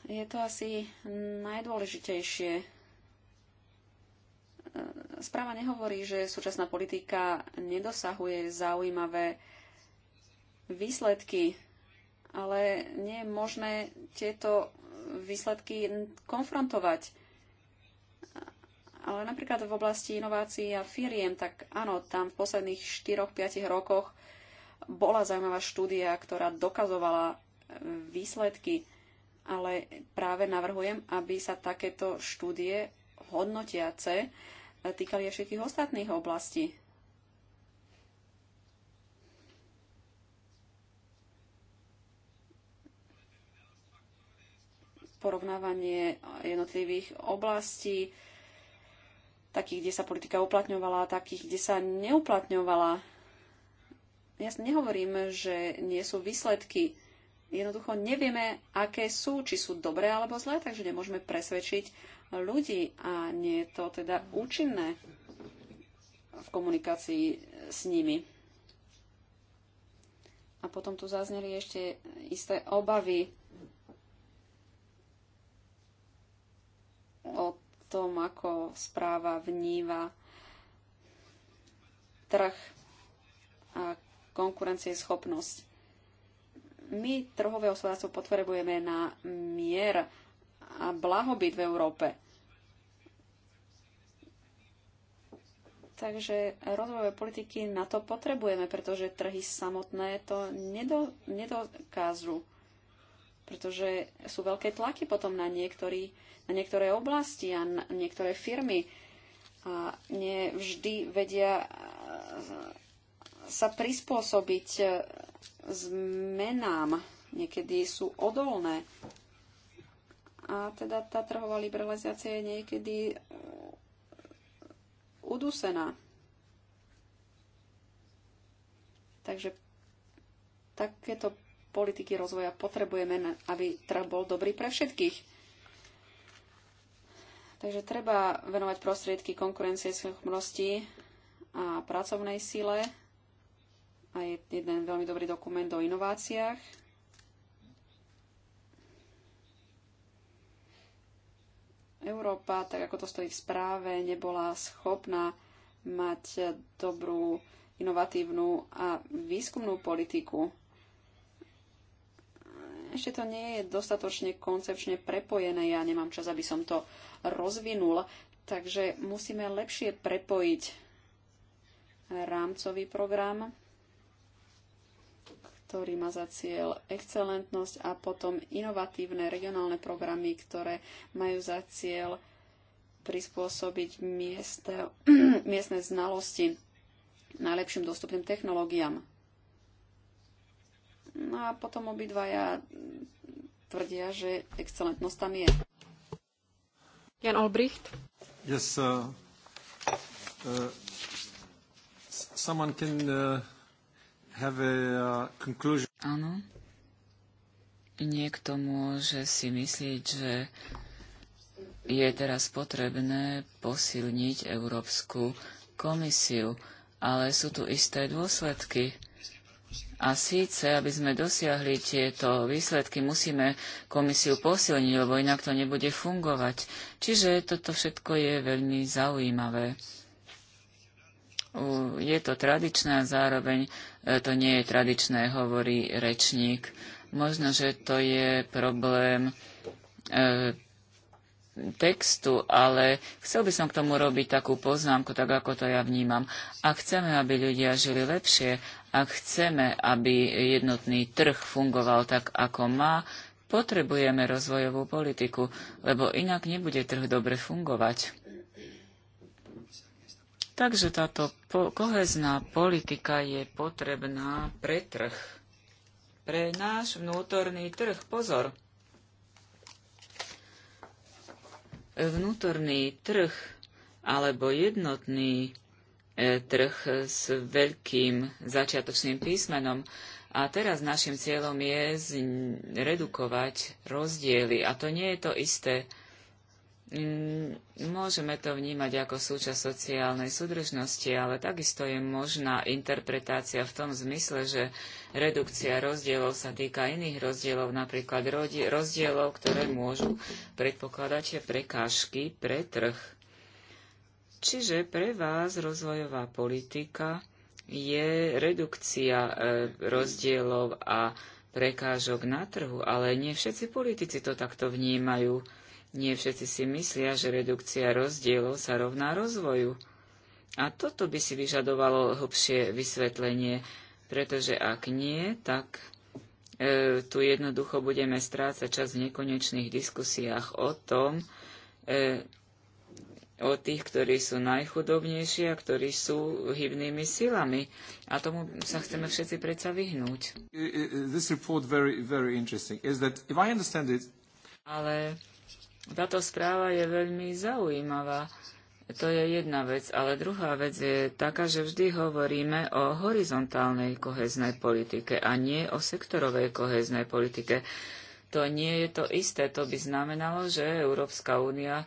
Speaker 3: je to asi najdôležitejšie Správa nehovorí, že súčasná politika nedosahuje zaujímavé výsledky, ale nie je možné tieto výsledky konfrontovať. Ale napríklad v oblasti inovácií a firiem, tak áno, tam v posledných 4-5 rokoch bola zaujímavá štúdia, ktorá dokazovala výsledky, ale práve navrhujem, aby sa takéto štúdie hodnotiace týkali aj všetkých ostatných oblastí. Porovnávanie jednotlivých oblastí, takých, kde sa politika uplatňovala a takých, kde sa neuplatňovala. Ja nehovorím, že nie sú výsledky. Jednoducho nevieme, aké sú, či sú dobré alebo zlé, takže nemôžeme presvedčiť ľudí a nie je to teda účinné v komunikácii s nimi. A potom tu zazneli ešte isté obavy o tom, ako správa vníva trh a konkurencieschopnosť. My trhové hospodárstvo potrebujeme na mier a blahobyt v Európe. Takže rozvojové politiky na to potrebujeme, pretože trhy samotné to nedo, nedokážu. Pretože sú veľké tlaky potom na, niektorý, na niektoré oblasti a na niektoré firmy. A nevždy vedia e, sa prispôsobiť e, zmenám. Niekedy sú odolné. A teda tá trhová liberalizácia je niekedy e, udusená. Takže takéto politiky rozvoja potrebujeme, aby trh bol dobrý pre všetkých. Takže treba venovať prostriedky konkurencie schopnosti a pracovnej sile. A je jeden veľmi dobrý dokument o inováciách, Európa, tak ako to stojí v správe, nebola schopná mať dobrú inovatívnu a výskumnú politiku. Ešte to nie je dostatočne koncepčne prepojené, ja nemám čas, aby som to rozvinul, takže musíme lepšie prepojiť rámcový program ktorý má za cieľ excelentnosť a potom inovatívne regionálne programy, ktoré majú za cieľ prispôsobiť mieste, miestne znalosti najlepším dostupným technológiám. No a potom obidvaja tvrdia, že excelentnosť tam je. Jan Olbricht.
Speaker 2: Yes, uh, uh, someone can uh, have a uh, conclusion. Áno. Niekto môže si myslieť, že je teraz potrebné posilniť Európsku komisiu, ale sú tu isté dôsledky. A síce, aby sme dosiahli tieto výsledky, musíme komisiu posilniť, lebo inak to nebude fungovať. Čiže toto všetko je veľmi zaujímavé je to tradičné a zároveň e, to nie je tradičné, hovorí rečník. Možno, že to je problém e, textu, ale chcel by som k tomu robiť takú poznámku, tak ako to ja vnímam. Ak chceme, aby ľudia žili lepšie, ak chceme, aby jednotný trh fungoval tak, ako má, potrebujeme rozvojovú politiku, lebo inak nebude trh dobre fungovať. Takže táto po- kohezná politika je potrebná pre trh. Pre náš vnútorný trh. Pozor. Vnútorný trh alebo jednotný e, trh s veľkým začiatočným písmenom a teraz našim cieľom je redukovať rozdiely. A to nie je to isté Mm, môžeme to vnímať ako súčasť sociálnej súdržnosti, ale takisto je možná interpretácia v tom zmysle, že redukcia rozdielov sa týka iných rozdielov, napríklad rozdielov, ktoré môžu predpokladať prekážky pre trh. Čiže pre vás rozvojová politika je redukcia e, rozdielov a prekážok na trhu, ale nie všetci politici to takto vnímajú nie všetci si myslia, že redukcia rozdielov sa rovná rozvoju. A toto by si vyžadovalo hlbšie vysvetlenie, pretože ak nie, tak e, tu jednoducho budeme strácať čas v nekonečných diskusiách o tom, e, o tých, ktorí sú najchudobnejší a ktorí sú hybnými silami. A tomu sa chceme všetci predsa vyhnúť. Very, very it... Ale táto správa je veľmi zaujímavá. To je jedna vec, ale druhá vec je taká, že vždy hovoríme o horizontálnej koheznej politike a nie o sektorovej koheznej politike. To nie je to isté. To by znamenalo, že Európska únia e,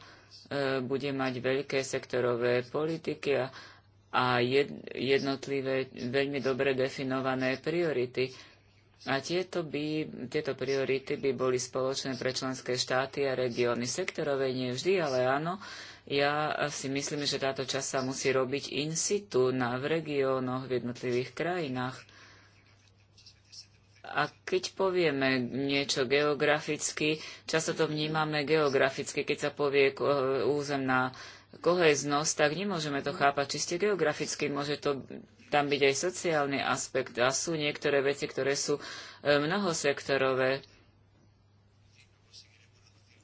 Speaker 2: bude mať veľké sektorové politiky a, a jed, jednotlivé, veľmi dobre definované priority. A tieto, by, tieto priority by boli spoločné pre členské štáty a regióny. Sektorové nie vždy, ale áno. Ja si myslím, že táto časť sa musí robiť in situ na, v regiónoch, v jednotlivých krajinách. A keď povieme niečo geograficky, často to vnímame geograficky, keď sa povie územná koheznosť, tak nemôžeme to chápať čiste geograficky, môže to tam byť aj sociálny aspekt a sú niektoré veci, ktoré sú e, mnohosektorové,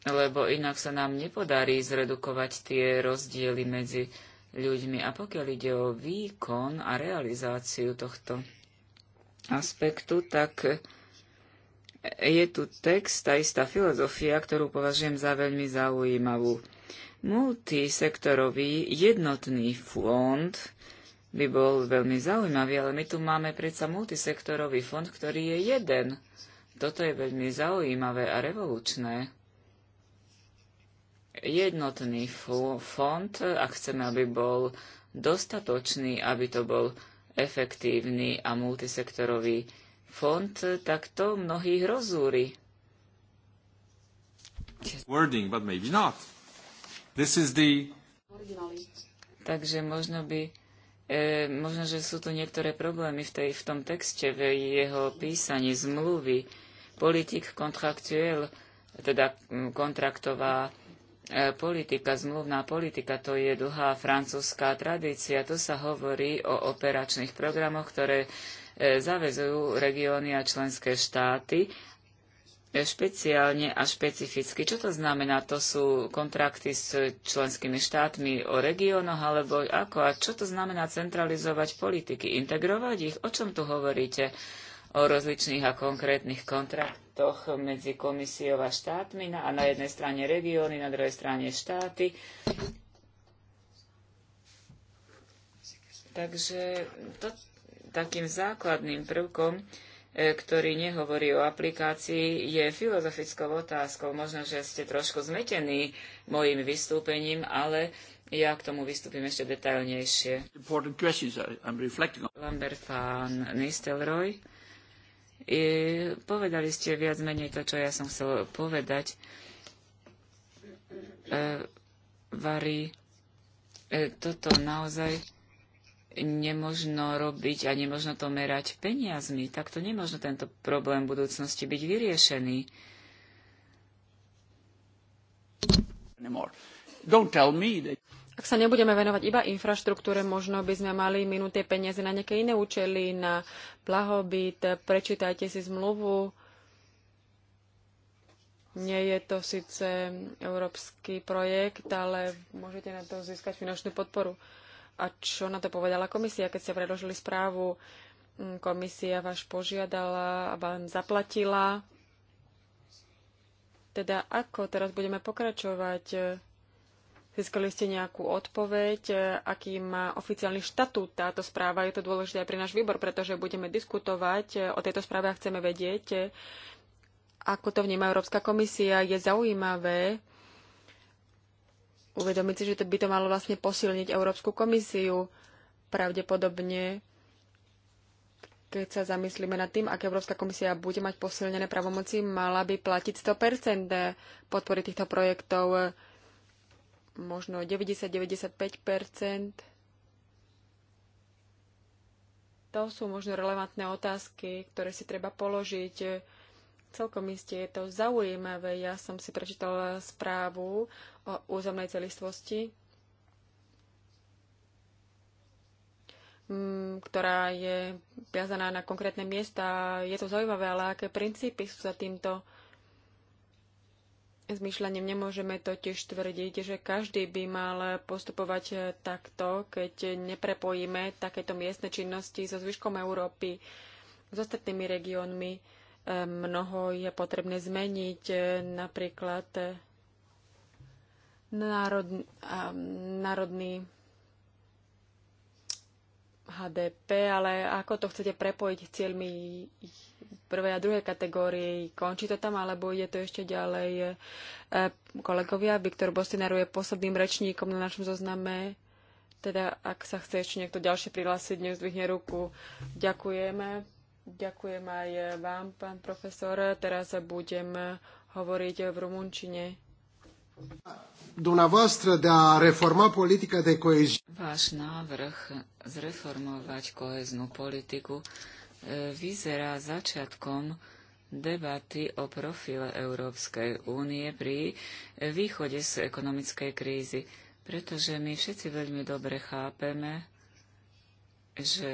Speaker 2: lebo inak sa nám nepodarí zredukovať tie rozdiely medzi ľuďmi. A pokiaľ ide o výkon a realizáciu tohto aspektu, tak je tu text a istá filozofia, ktorú považujem za veľmi zaujímavú. Multisektorový jednotný fond by bol veľmi zaujímavý, ale my tu máme predsa multisektorový fond, ktorý je jeden. Toto je veľmi zaujímavé a revolučné. Jednotný fond, ak chceme, aby bol dostatočný, aby to bol efektívny a multisektorový fond, tak to mnohých rozúri. Wording, but maybe not. This is the... Takže možno by E, možno, že sú tu niektoré problémy v, tej, v tom texte, v jeho písaní zmluvy. Politik kontraktuel, teda kontraktová e, politika, zmluvná politika, to je dlhá francúzska tradícia. To sa hovorí o operačných programoch, ktoré e, zavezujú regióny a členské štáty špeciálne a špecificky. Čo to znamená? To sú kontrakty s členskými štátmi o regiónoch alebo ako? A čo to znamená centralizovať politiky? Integrovať ich? O čom tu hovoríte? O rozličných a konkrétnych kontraktoch medzi komisiou a štátmi a na jednej strane regióny, na druhej strane štáty. Takže to, takým základným prvkom E, ktorý nehovorí o aplikácii, je filozofickou otázkou. Možno, že ste trošku zmetení mojim vystúpením, ale ja k tomu vystúpim ešte detailnejšie. Lambert van Nistelrooy, povedali ste viac menej to, čo ja som chcel povedať. E, Vary, e, toto naozaj nemožno robiť a nemožno to merať peniazmi, tak to nemožno tento problém v budúcnosti byť vyriešený.
Speaker 1: Ak sa nebudeme venovať iba infraštruktúre, možno by sme mali minúť tie peniaze na nejaké iné účely, na blahobyt, prečítajte si zmluvu. Nie je to síce európsky projekt, ale môžete na to získať finančnú podporu. A čo na to povedala komisia, keď ste predložili správu? Mm, komisia vás požiadala a vám zaplatila. Teda ako teraz budeme pokračovať? Získali ste nejakú odpoveď, aký má oficiálny štatút táto správa. Je to dôležité aj pre náš výbor, pretože budeme diskutovať o tejto správe a chceme vedieť, ako to vníma Európska komisia. Je zaujímavé, uvedomiť si, že to by to malo vlastne posilniť Európsku komisiu. Pravdepodobne, keď sa zamyslíme nad tým, ak Európska komisia bude mať posilnené pravomoci, mala by platiť 100% podpory týchto projektov, možno 90-95%. To sú možno relevantné otázky, ktoré si treba položiť. Celkom iste je to zaujímavé. Ja som si prečítala správu o územnej celistvosti, mm, ktorá je viazaná na konkrétne miesta. Je to zaujímavé, ale aké princípy sú za týmto zmyšľaním? Nemôžeme totiž tvrdiť, že každý by mal postupovať eh, takto, keď neprepojíme takéto miestne činnosti so zvyškom Európy, s ostatnými regiónmi. Eh, mnoho je potrebné zmeniť, eh, napríklad národný, národný HDP, ale ako to chcete prepojiť s cieľmi prvej a druhej kategórie? Končí to tam, alebo je to ešte ďalej? E, kolegovia, Viktor Bostinaru je posledným rečníkom na našom zozname. Teda, ak sa chce ešte niekto ďalšie prihlásiť, nech zdvihne ruku. Ďakujeme. Ďakujem aj vám, pán profesor. Teraz budem hovoriť v rumunčine
Speaker 3: dumneavoastră de a reforma politica de coeziune.
Speaker 2: Váš návrh zreformovať koheznú politiku e, vyzerá začiatkom debaty o profile Európskej únie pri východe z ekonomickej krízy, pretože my všetci veľmi dobre chápeme, že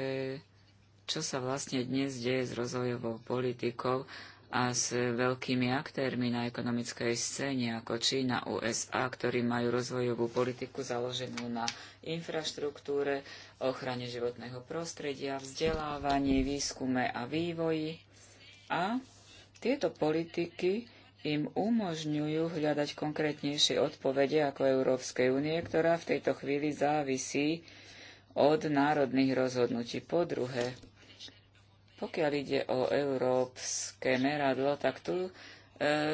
Speaker 2: čo sa vlastne dnes deje s rozvojovou politikou a s veľkými aktérmi na ekonomickej scéne ako Čína, USA, ktorí majú rozvojovú politiku založenú na infraštruktúre, ochrane životného prostredia, vzdelávaní, výskume a vývoji. A tieto politiky im umožňujú hľadať konkrétnejšie odpovede ako Európskej únie, ktorá v tejto chvíli závisí od národných rozhodnutí. Po druhé, pokiaľ ide o európske meradlo, tak tu e,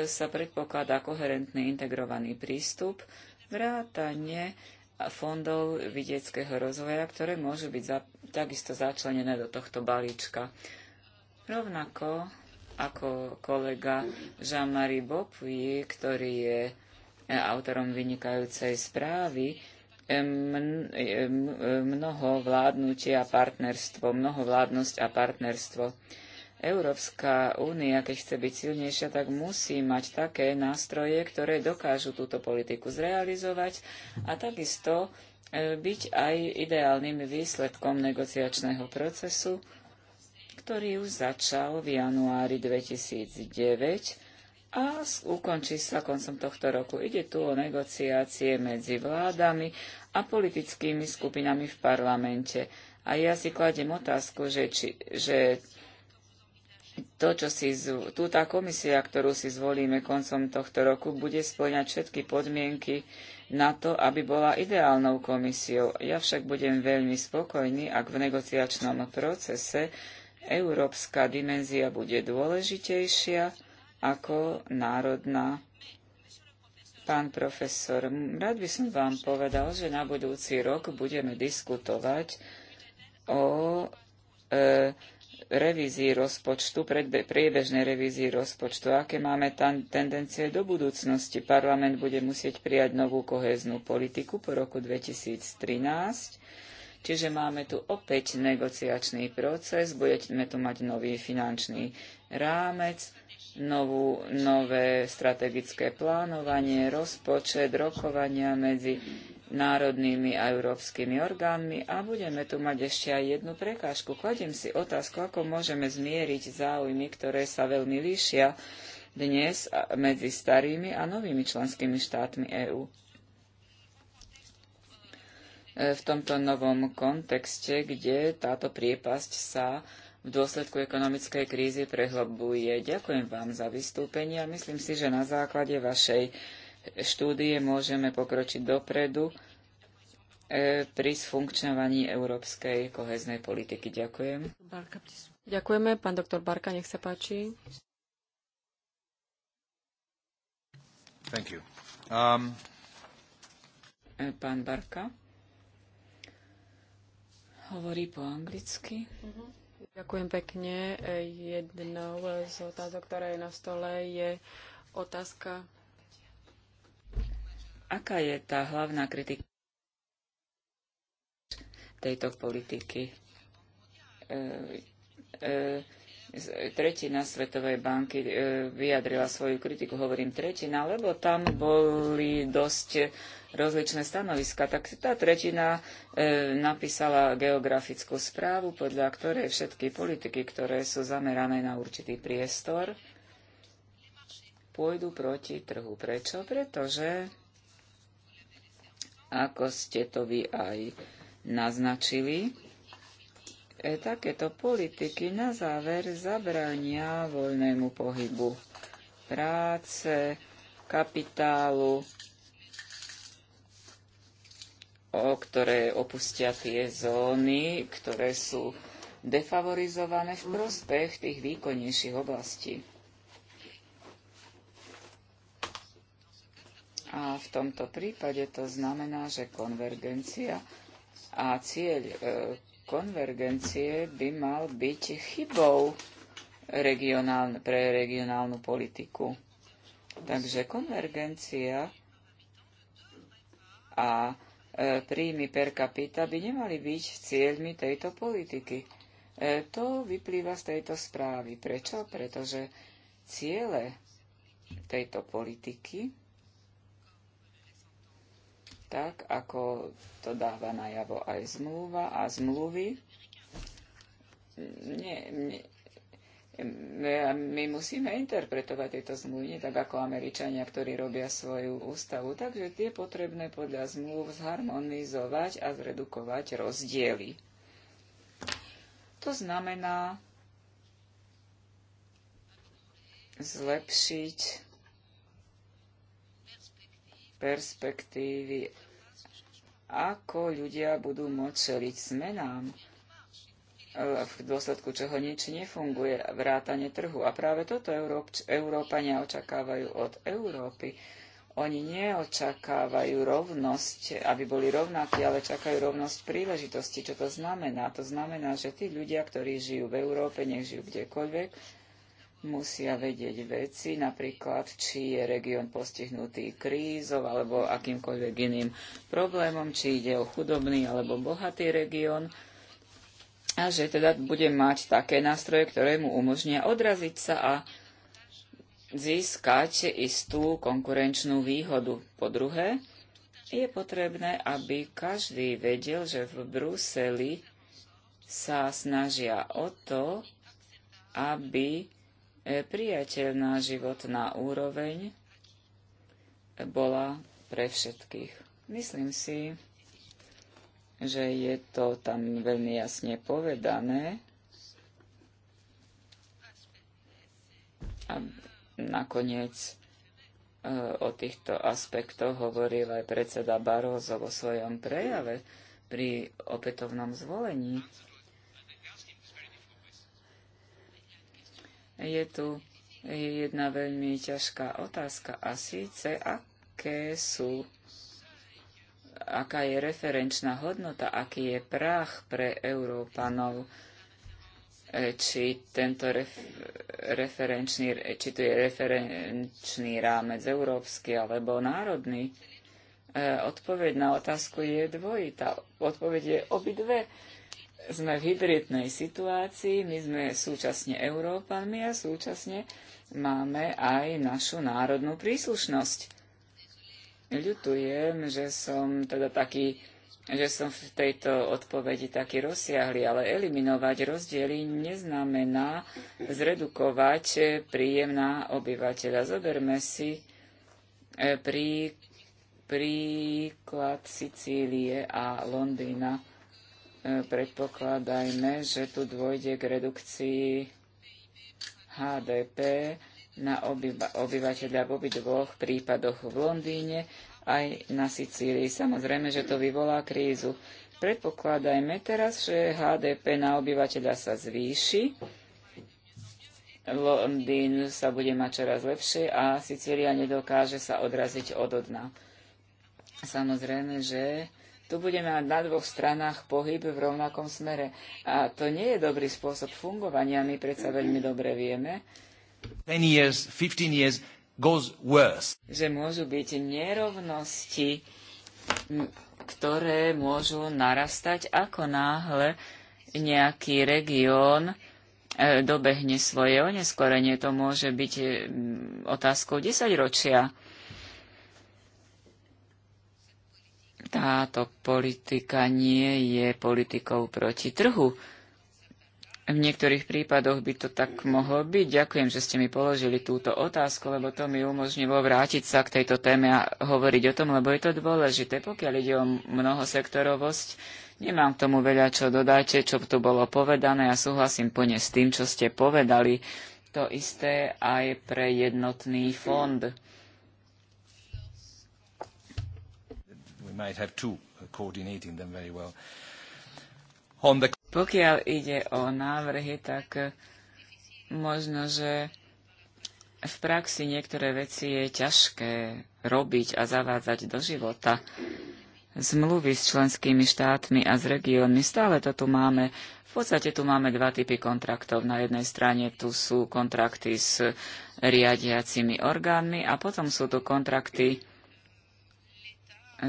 Speaker 2: sa predpokladá koherentný integrovaný prístup, vrátanie fondov vidieckého rozvoja, ktoré môžu byť za, takisto začlenené do tohto balíčka. Rovnako ako kolega Jean-Marie Bopuy, ktorý je e, autorom vynikajúcej správy, mnoho vládnutie a partnerstvo, mnoho vládnosť a partnerstvo. Európska únia, keď chce byť silnejšia, tak musí mať také nástroje, ktoré dokážu túto politiku zrealizovať a takisto e, byť aj ideálnym výsledkom negociačného procesu, ktorý už začal v januári 2009 a ukončí sa koncom tohto roku. Ide tu o negociácie medzi vládami a politickými skupinami v parlamente. A ja si kladem otázku, že, či, že to, čo si zv... tú tá komisia, ktorú si zvolíme koncom tohto roku, bude splňať všetky podmienky na to, aby bola ideálnou komisiou. Ja však budem veľmi spokojný, ak v negociačnom procese európska dimenzia bude dôležitejšia ako národná. Pán profesor, rád by som vám povedal, že na budúci rok budeme diskutovať o e, revízii rozpočtu, predbe, priebežnej revízii rozpočtu. Aké máme tam tendencie do budúcnosti? Parlament bude musieť prijať novú kohéznú politiku po roku 2013. Čiže máme tu opäť negociačný proces, budeme tu mať nový finančný rámec, novú, nové strategické plánovanie, rozpočet, rokovania medzi národnými a európskymi orgánmi a budeme tu mať ešte aj jednu prekážku. Kladiem si otázku, ako môžeme zmieriť záujmy, ktoré sa veľmi líšia dnes medzi starými a novými členskými štátmi EÚ. E, v tomto novom kontexte, kde táto priepasť sa v dôsledku ekonomickej krízy prehlbuje. Ďakujem vám za vystúpenie a myslím si, že na základe vašej štúdie môžeme pokročiť dopredu e, pri sfunkčňovaní európskej koheznej politiky. Ďakujem.
Speaker 1: Ďakujeme. Pán doktor Barka, nech sa páči.
Speaker 2: Thank you. Um... E, pán Barka hovorí po anglicky. Mhm.
Speaker 1: Ďakujem pekne. Jednou z otázok, ktorá je na stole, je otázka.
Speaker 2: Aká je tá hlavná kritika tejto politiky? E, e, tretina Svetovej banky e, vyjadrila svoju kritiku, hovorím tretina, lebo tam boli dosť rozličné stanoviska. Tak tá tretina e, napísala geografickú správu, podľa ktorej všetky politiky, ktoré sú zamerané na určitý priestor, pôjdu proti trhu. Prečo? Pretože, ako ste to vy aj naznačili, E, takéto politiky na záver zabránia voľnému pohybu práce, kapitálu, o ktoré opustia tie zóny, ktoré sú defavorizované v prospech tých výkonnejších oblastí. A v tomto prípade to znamená, že konvergencia a cieľ e, konvergencie by mal byť chybou pre regionálnu politiku. Takže konvergencia a e, príjmy per capita by nemali byť cieľmi tejto politiky. E, to vyplýva z tejto správy. Prečo? Pretože ciele tejto politiky tak ako to dáva najavo aj zmluva a zmluvy. Nie, nie, my musíme interpretovať tieto zmluvy, tak ako Američania, ktorí robia svoju ústavu. Takže tie potrebné podľa zmluv zharmonizovať a zredukovať rozdiely. To znamená zlepšiť perspektívy ako ľudia budú môcť čeliť zmenám, eh, v dôsledku čoho nič nefunguje, vrátanie trhu. A práve toto Európ, Európania očakávajú od Európy. Oni neočakávajú rovnosť, aby boli rovnakí, ale čakajú rovnosť príležitosti. Čo to znamená? To znamená, že tí ľudia, ktorí žijú v Európe, nech žijú kdekoľvek, musia vedieť veci, napríklad, či je región postihnutý krízov alebo akýmkoľvek iným problémom, či ide o chudobný alebo bohatý región a že teda bude mať také nástroje, ktoré mu umožnia odraziť sa a získať istú konkurenčnú výhodu. Po druhé, je potrebné, aby každý vedel, že v Bruseli sa snažia o to, aby E, priateľná životná úroveň bola pre všetkých. Myslím si, že je to tam veľmi jasne povedané. A nakoniec e, o týchto aspektoch hovoril aj predseda Barózo vo svojom prejave pri opätovnom zvolení. je tu jedna veľmi ťažká otázka a síce, aké sú, aká je referenčná hodnota, aký je práh pre Európanov, e, či tento ref, referenčný, e, či tu je referenčný rámec európsky alebo národný. E, odpoveď na otázku je dvojitá. Odpoveď je obidve sme v hybridnej situácii, my sme súčasne Európanmi a súčasne máme aj našu národnú príslušnosť. Ľutujem, že som teda taký, že som v tejto odpovedi taký rozsiahly, ale eliminovať rozdiely neznamená zredukovať príjem na obyvateľa. Zoberme si eh, prí, príklad Sicílie a Londýna predpokladajme, že tu dôjde k redukcii HDP na obyva obyvateľa v obidvoch prípadoch v Londýne aj na Sicílii. Samozrejme, že to vyvolá krízu. Predpokladajme teraz, že HDP na obyvateľa sa zvýši, Londýn sa bude mať čoraz lepšie a Sicília nedokáže sa odraziť od dna. Samozrejme, že tu budeme mať na dvoch stranách pohyb v rovnakom smere. A to nie je dobrý spôsob fungovania, my predsa veľmi dobre vieme,
Speaker 3: years, years
Speaker 2: že môžu byť nerovnosti, ktoré môžu narastať ako náhle nejaký región e, dobehne svoje oneskorenie. To môže byť e, otázkou desaťročia. ročia Táto politika nie je politikou proti trhu. V niektorých prípadoch by to tak mohlo byť. Ďakujem, že ste mi položili túto otázku, lebo to mi umožnilo vrátiť sa k tejto téme a hovoriť o tom, lebo je to dôležité. Pokiaľ ide o mnohosektorovosť, nemám k tomu veľa čo dodáte, čo tu bolo povedané a ja súhlasím plne s tým, čo ste povedali. To isté aj pre jednotný fond. might have two uh, coordinating them very well. On the... Pokiaľ ide o návrhy, tak uh, možno, že v praxi niektoré veci je ťažké robiť a zavádzať do života. Zmluvy s členskými štátmi a s regiónmi, stále to tu máme. V podstate tu máme dva typy kontraktov. Na jednej strane tu sú kontrakty s riadiacimi orgánmi a potom sú tu kontrakty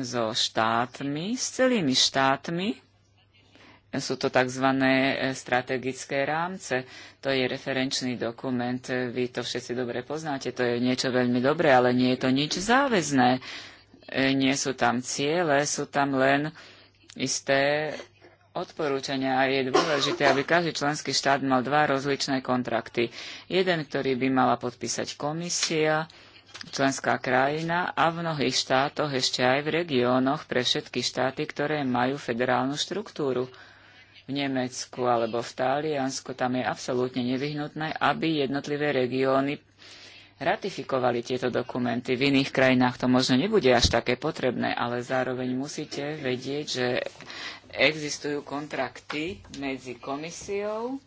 Speaker 2: so štátmi, s celými štátmi. Sú to tzv. E, strategické rámce. To je referenčný dokument, vy to všetci dobre poznáte, to je niečo veľmi dobré, ale nie je to nič záväzné. E, nie sú tam ciele, sú tam len isté odporúčania a je dôležité, aby každý členský štát mal dva rozličné kontrakty. Jeden, ktorý by mala podpísať komisia členská krajina a v mnohých štátoch ešte aj v regiónoch pre všetky štáty, ktoré majú federálnu štruktúru. V Nemecku alebo v Taliansku tam je absolútne nevyhnutné, aby jednotlivé regióny ratifikovali tieto dokumenty. V iných krajinách to možno nebude až také potrebné, ale zároveň musíte vedieť, že existujú kontrakty medzi komisiou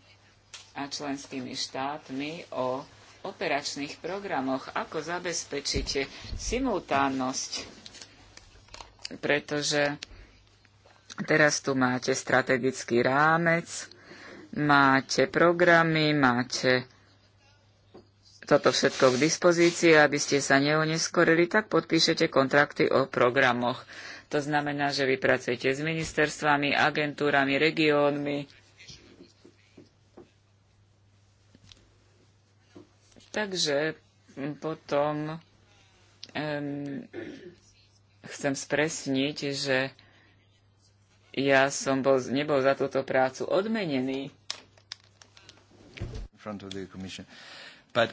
Speaker 2: a členskými štátmi o operačných programoch, ako zabezpečiť simultánnosť, pretože teraz tu máte strategický rámec, máte programy, máte toto všetko k dispozícii, aby ste sa neoneskorili, tak podpíšete kontrakty o programoch. To znamená, že vy pracujete s ministerstvami, agentúrami, regiónmi, Takže potom um, chcem spresniť, že ja som bol, nebol za túto prácu odmenený.
Speaker 3: Uh,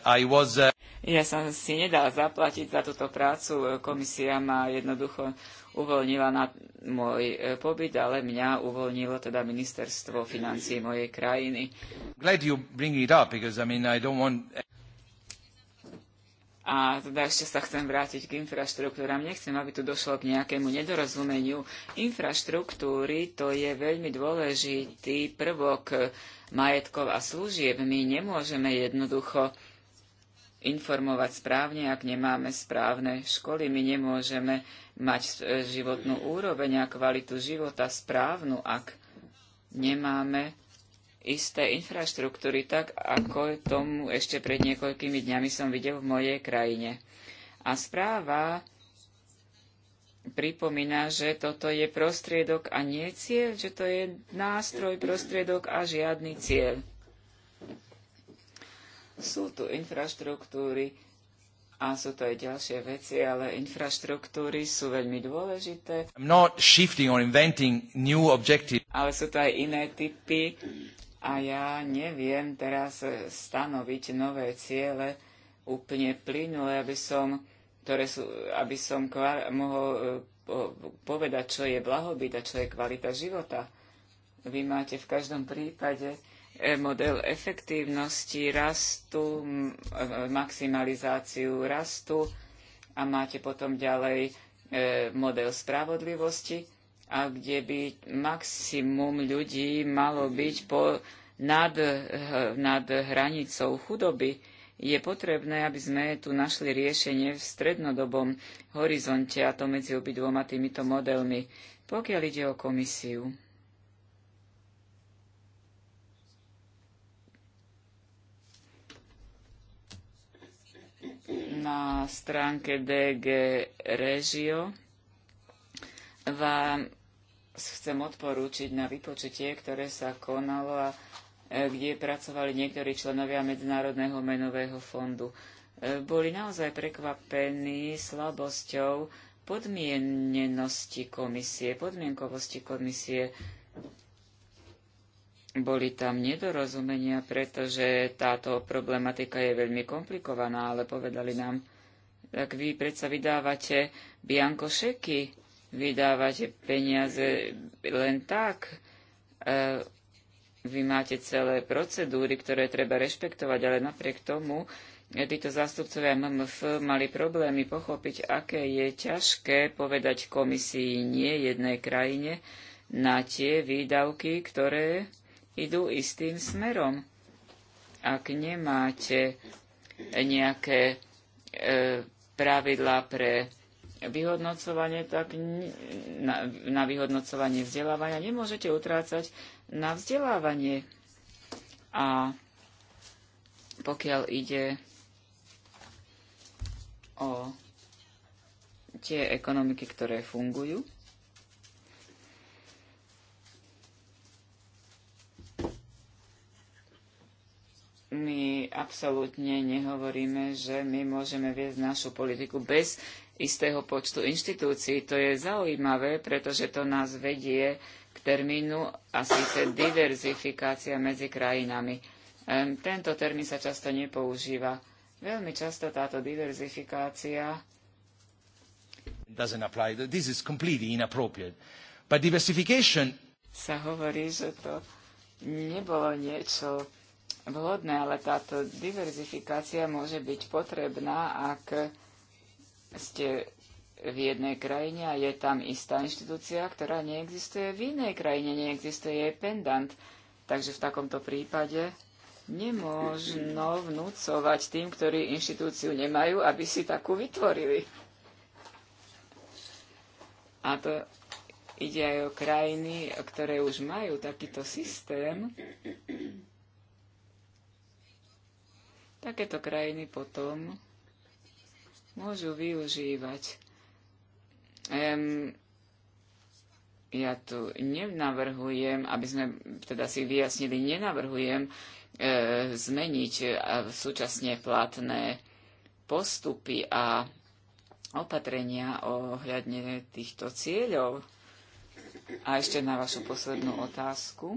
Speaker 2: ja som si nedal zaplatiť za túto prácu. Komisia ma jednoducho uvoľnila na môj e, pobyt, ale mňa uvoľnilo teda ministerstvo financií mojej krajiny. Glad you bring it up, because I mean I don't want a teda ešte sa chcem vrátiť k infraštruktúram. Nechcem, aby tu došlo k nejakému nedorozumeniu. Infraštruktúry to je veľmi dôležitý prvok majetkov a služieb. My nemôžeme jednoducho informovať správne, ak nemáme správne školy. My nemôžeme mať životnú úroveň a kvalitu života správnu, ak nemáme isté infraštruktúry, tak ako tomu ešte pred niekoľkými dňami som videl v mojej krajine. A správa pripomína, že toto je prostriedok a nie cieľ, že to je nástroj, prostriedok a žiadny cieľ. Sú tu infraštruktúry a sú to aj ďalšie veci, ale infraštruktúry sú veľmi dôležité. Ale sú to aj iné typy a ja neviem teraz eh, stanoviť nové ciele úplne plynule, aby som, ktoré sú, aby som kvar, mohol eh, povedať, čo je blahobyt a čo je kvalita života. Vy máte v každom prípade eh, model efektívnosti rastu, maximalizáciu rastu a máte potom ďalej model spravodlivosti a kde by maximum ľudí malo byť po, nad, nad hranicou chudoby, je potrebné, aby sme tu našli riešenie v strednodobom horizonte a to medzi obidvoma týmito modelmi, pokiaľ ide o komisiu. Na stránke DG Regio vám chcem odporúčiť na vypočutie, ktoré sa konalo a e, kde pracovali niektorí členovia Medzinárodného menového fondu. E, boli naozaj prekvapení slabosťou podmienenosti komisie, podmienkovosti komisie. Boli tam nedorozumenia, pretože táto problematika je veľmi komplikovaná, ale povedali nám, tak vy predsa vydávate Bianko šeky vydávate peniaze len tak. E, vy máte celé procedúry, ktoré treba rešpektovať, ale napriek tomu e, títo zástupcovia MMF mali problémy pochopiť, aké je ťažké povedať komisii nie jednej krajine na tie výdavky, ktoré idú istým smerom. Ak nemáte nejaké e, pravidlá pre vyhodnocovanie, tak na, na vyhodnocovanie vzdelávania nemôžete utrácať na vzdelávanie. A pokiaľ ide o tie ekonomiky, ktoré fungujú, my absolútne nehovoríme, že my môžeme viesť našu politiku bez istého počtu inštitúcií. To je zaujímavé, pretože to nás vedie k termínu a síce diverzifikácia medzi krajinami. Tento termín sa často nepoužíva. Veľmi často táto diverzifikácia sa hovorí, že to nebolo niečo vhodné, ale táto diverzifikácia môže byť potrebná, ak ste v jednej krajine a je tam istá inštitúcia, ktorá neexistuje v inej krajine, neexistuje jej pendant. Takže v takomto prípade nemôžno vnúcovať tým, ktorí inštitúciu nemajú, aby si takú vytvorili. A to ide aj o krajiny, ktoré už majú takýto systém, Takéto krajiny potom môžu využívať. Um, ja tu nenavrhujem, aby sme teda si vyjasnili, nenavrhujem e, zmeniť e, súčasne platné postupy a opatrenia ohľadne týchto cieľov. A ešte na vašu poslednú otázku.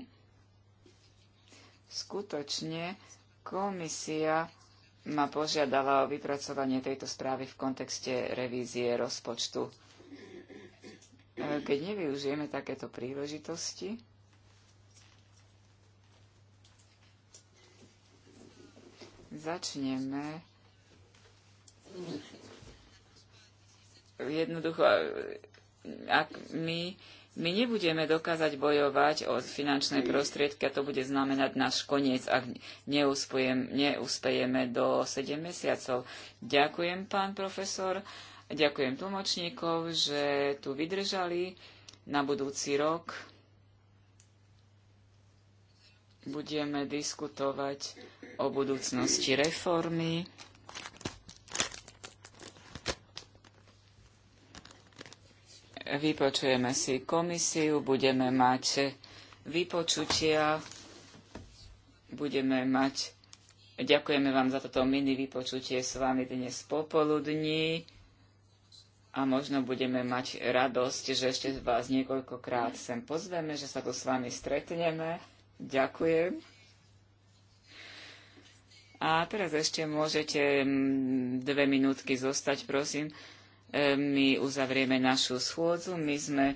Speaker 2: Skutočne komisia ma požiadala o vypracovanie tejto správy v kontexte revízie rozpočtu. E, keď nevyužijeme takéto príležitosti, začneme jednoducho, ak my my nebudeme dokázať bojovať o finančné prostriedky a to bude znamenať náš koniec, ak neúspejeme do 7 mesiacov. Ďakujem, pán profesor, ďakujem tlmočníkov, že tu vydržali na budúci rok. Budeme diskutovať o budúcnosti reformy. vypočujeme si komisiu, budeme mať vypočutia, budeme mať. Ďakujeme vám za toto mini vypočutie s vami dnes popoludní a možno budeme mať radosť, že ešte vás niekoľkokrát sem pozveme, že sa tu s vami stretneme. Ďakujem. A teraz ešte môžete mm, dve minútky zostať, prosím. E, my uzavrieme našu schôdzu. My sme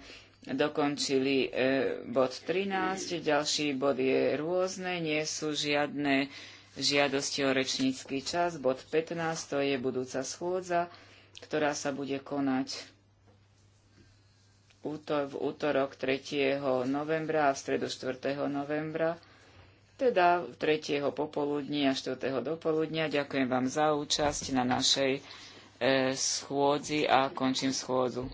Speaker 2: dokončili e, bod 13. Ďalší bod je rôzne. Nie sú žiadne žiadosti o rečnícky čas. Bod 15. To je budúca schôdza, ktorá sa bude konať v útorok 3. novembra a v stredu 4. novembra teda 3. popoludní a 4. dopoludnia. Ďakujem vám za účasť na našej Eh, schôdzi a končím schôdzu.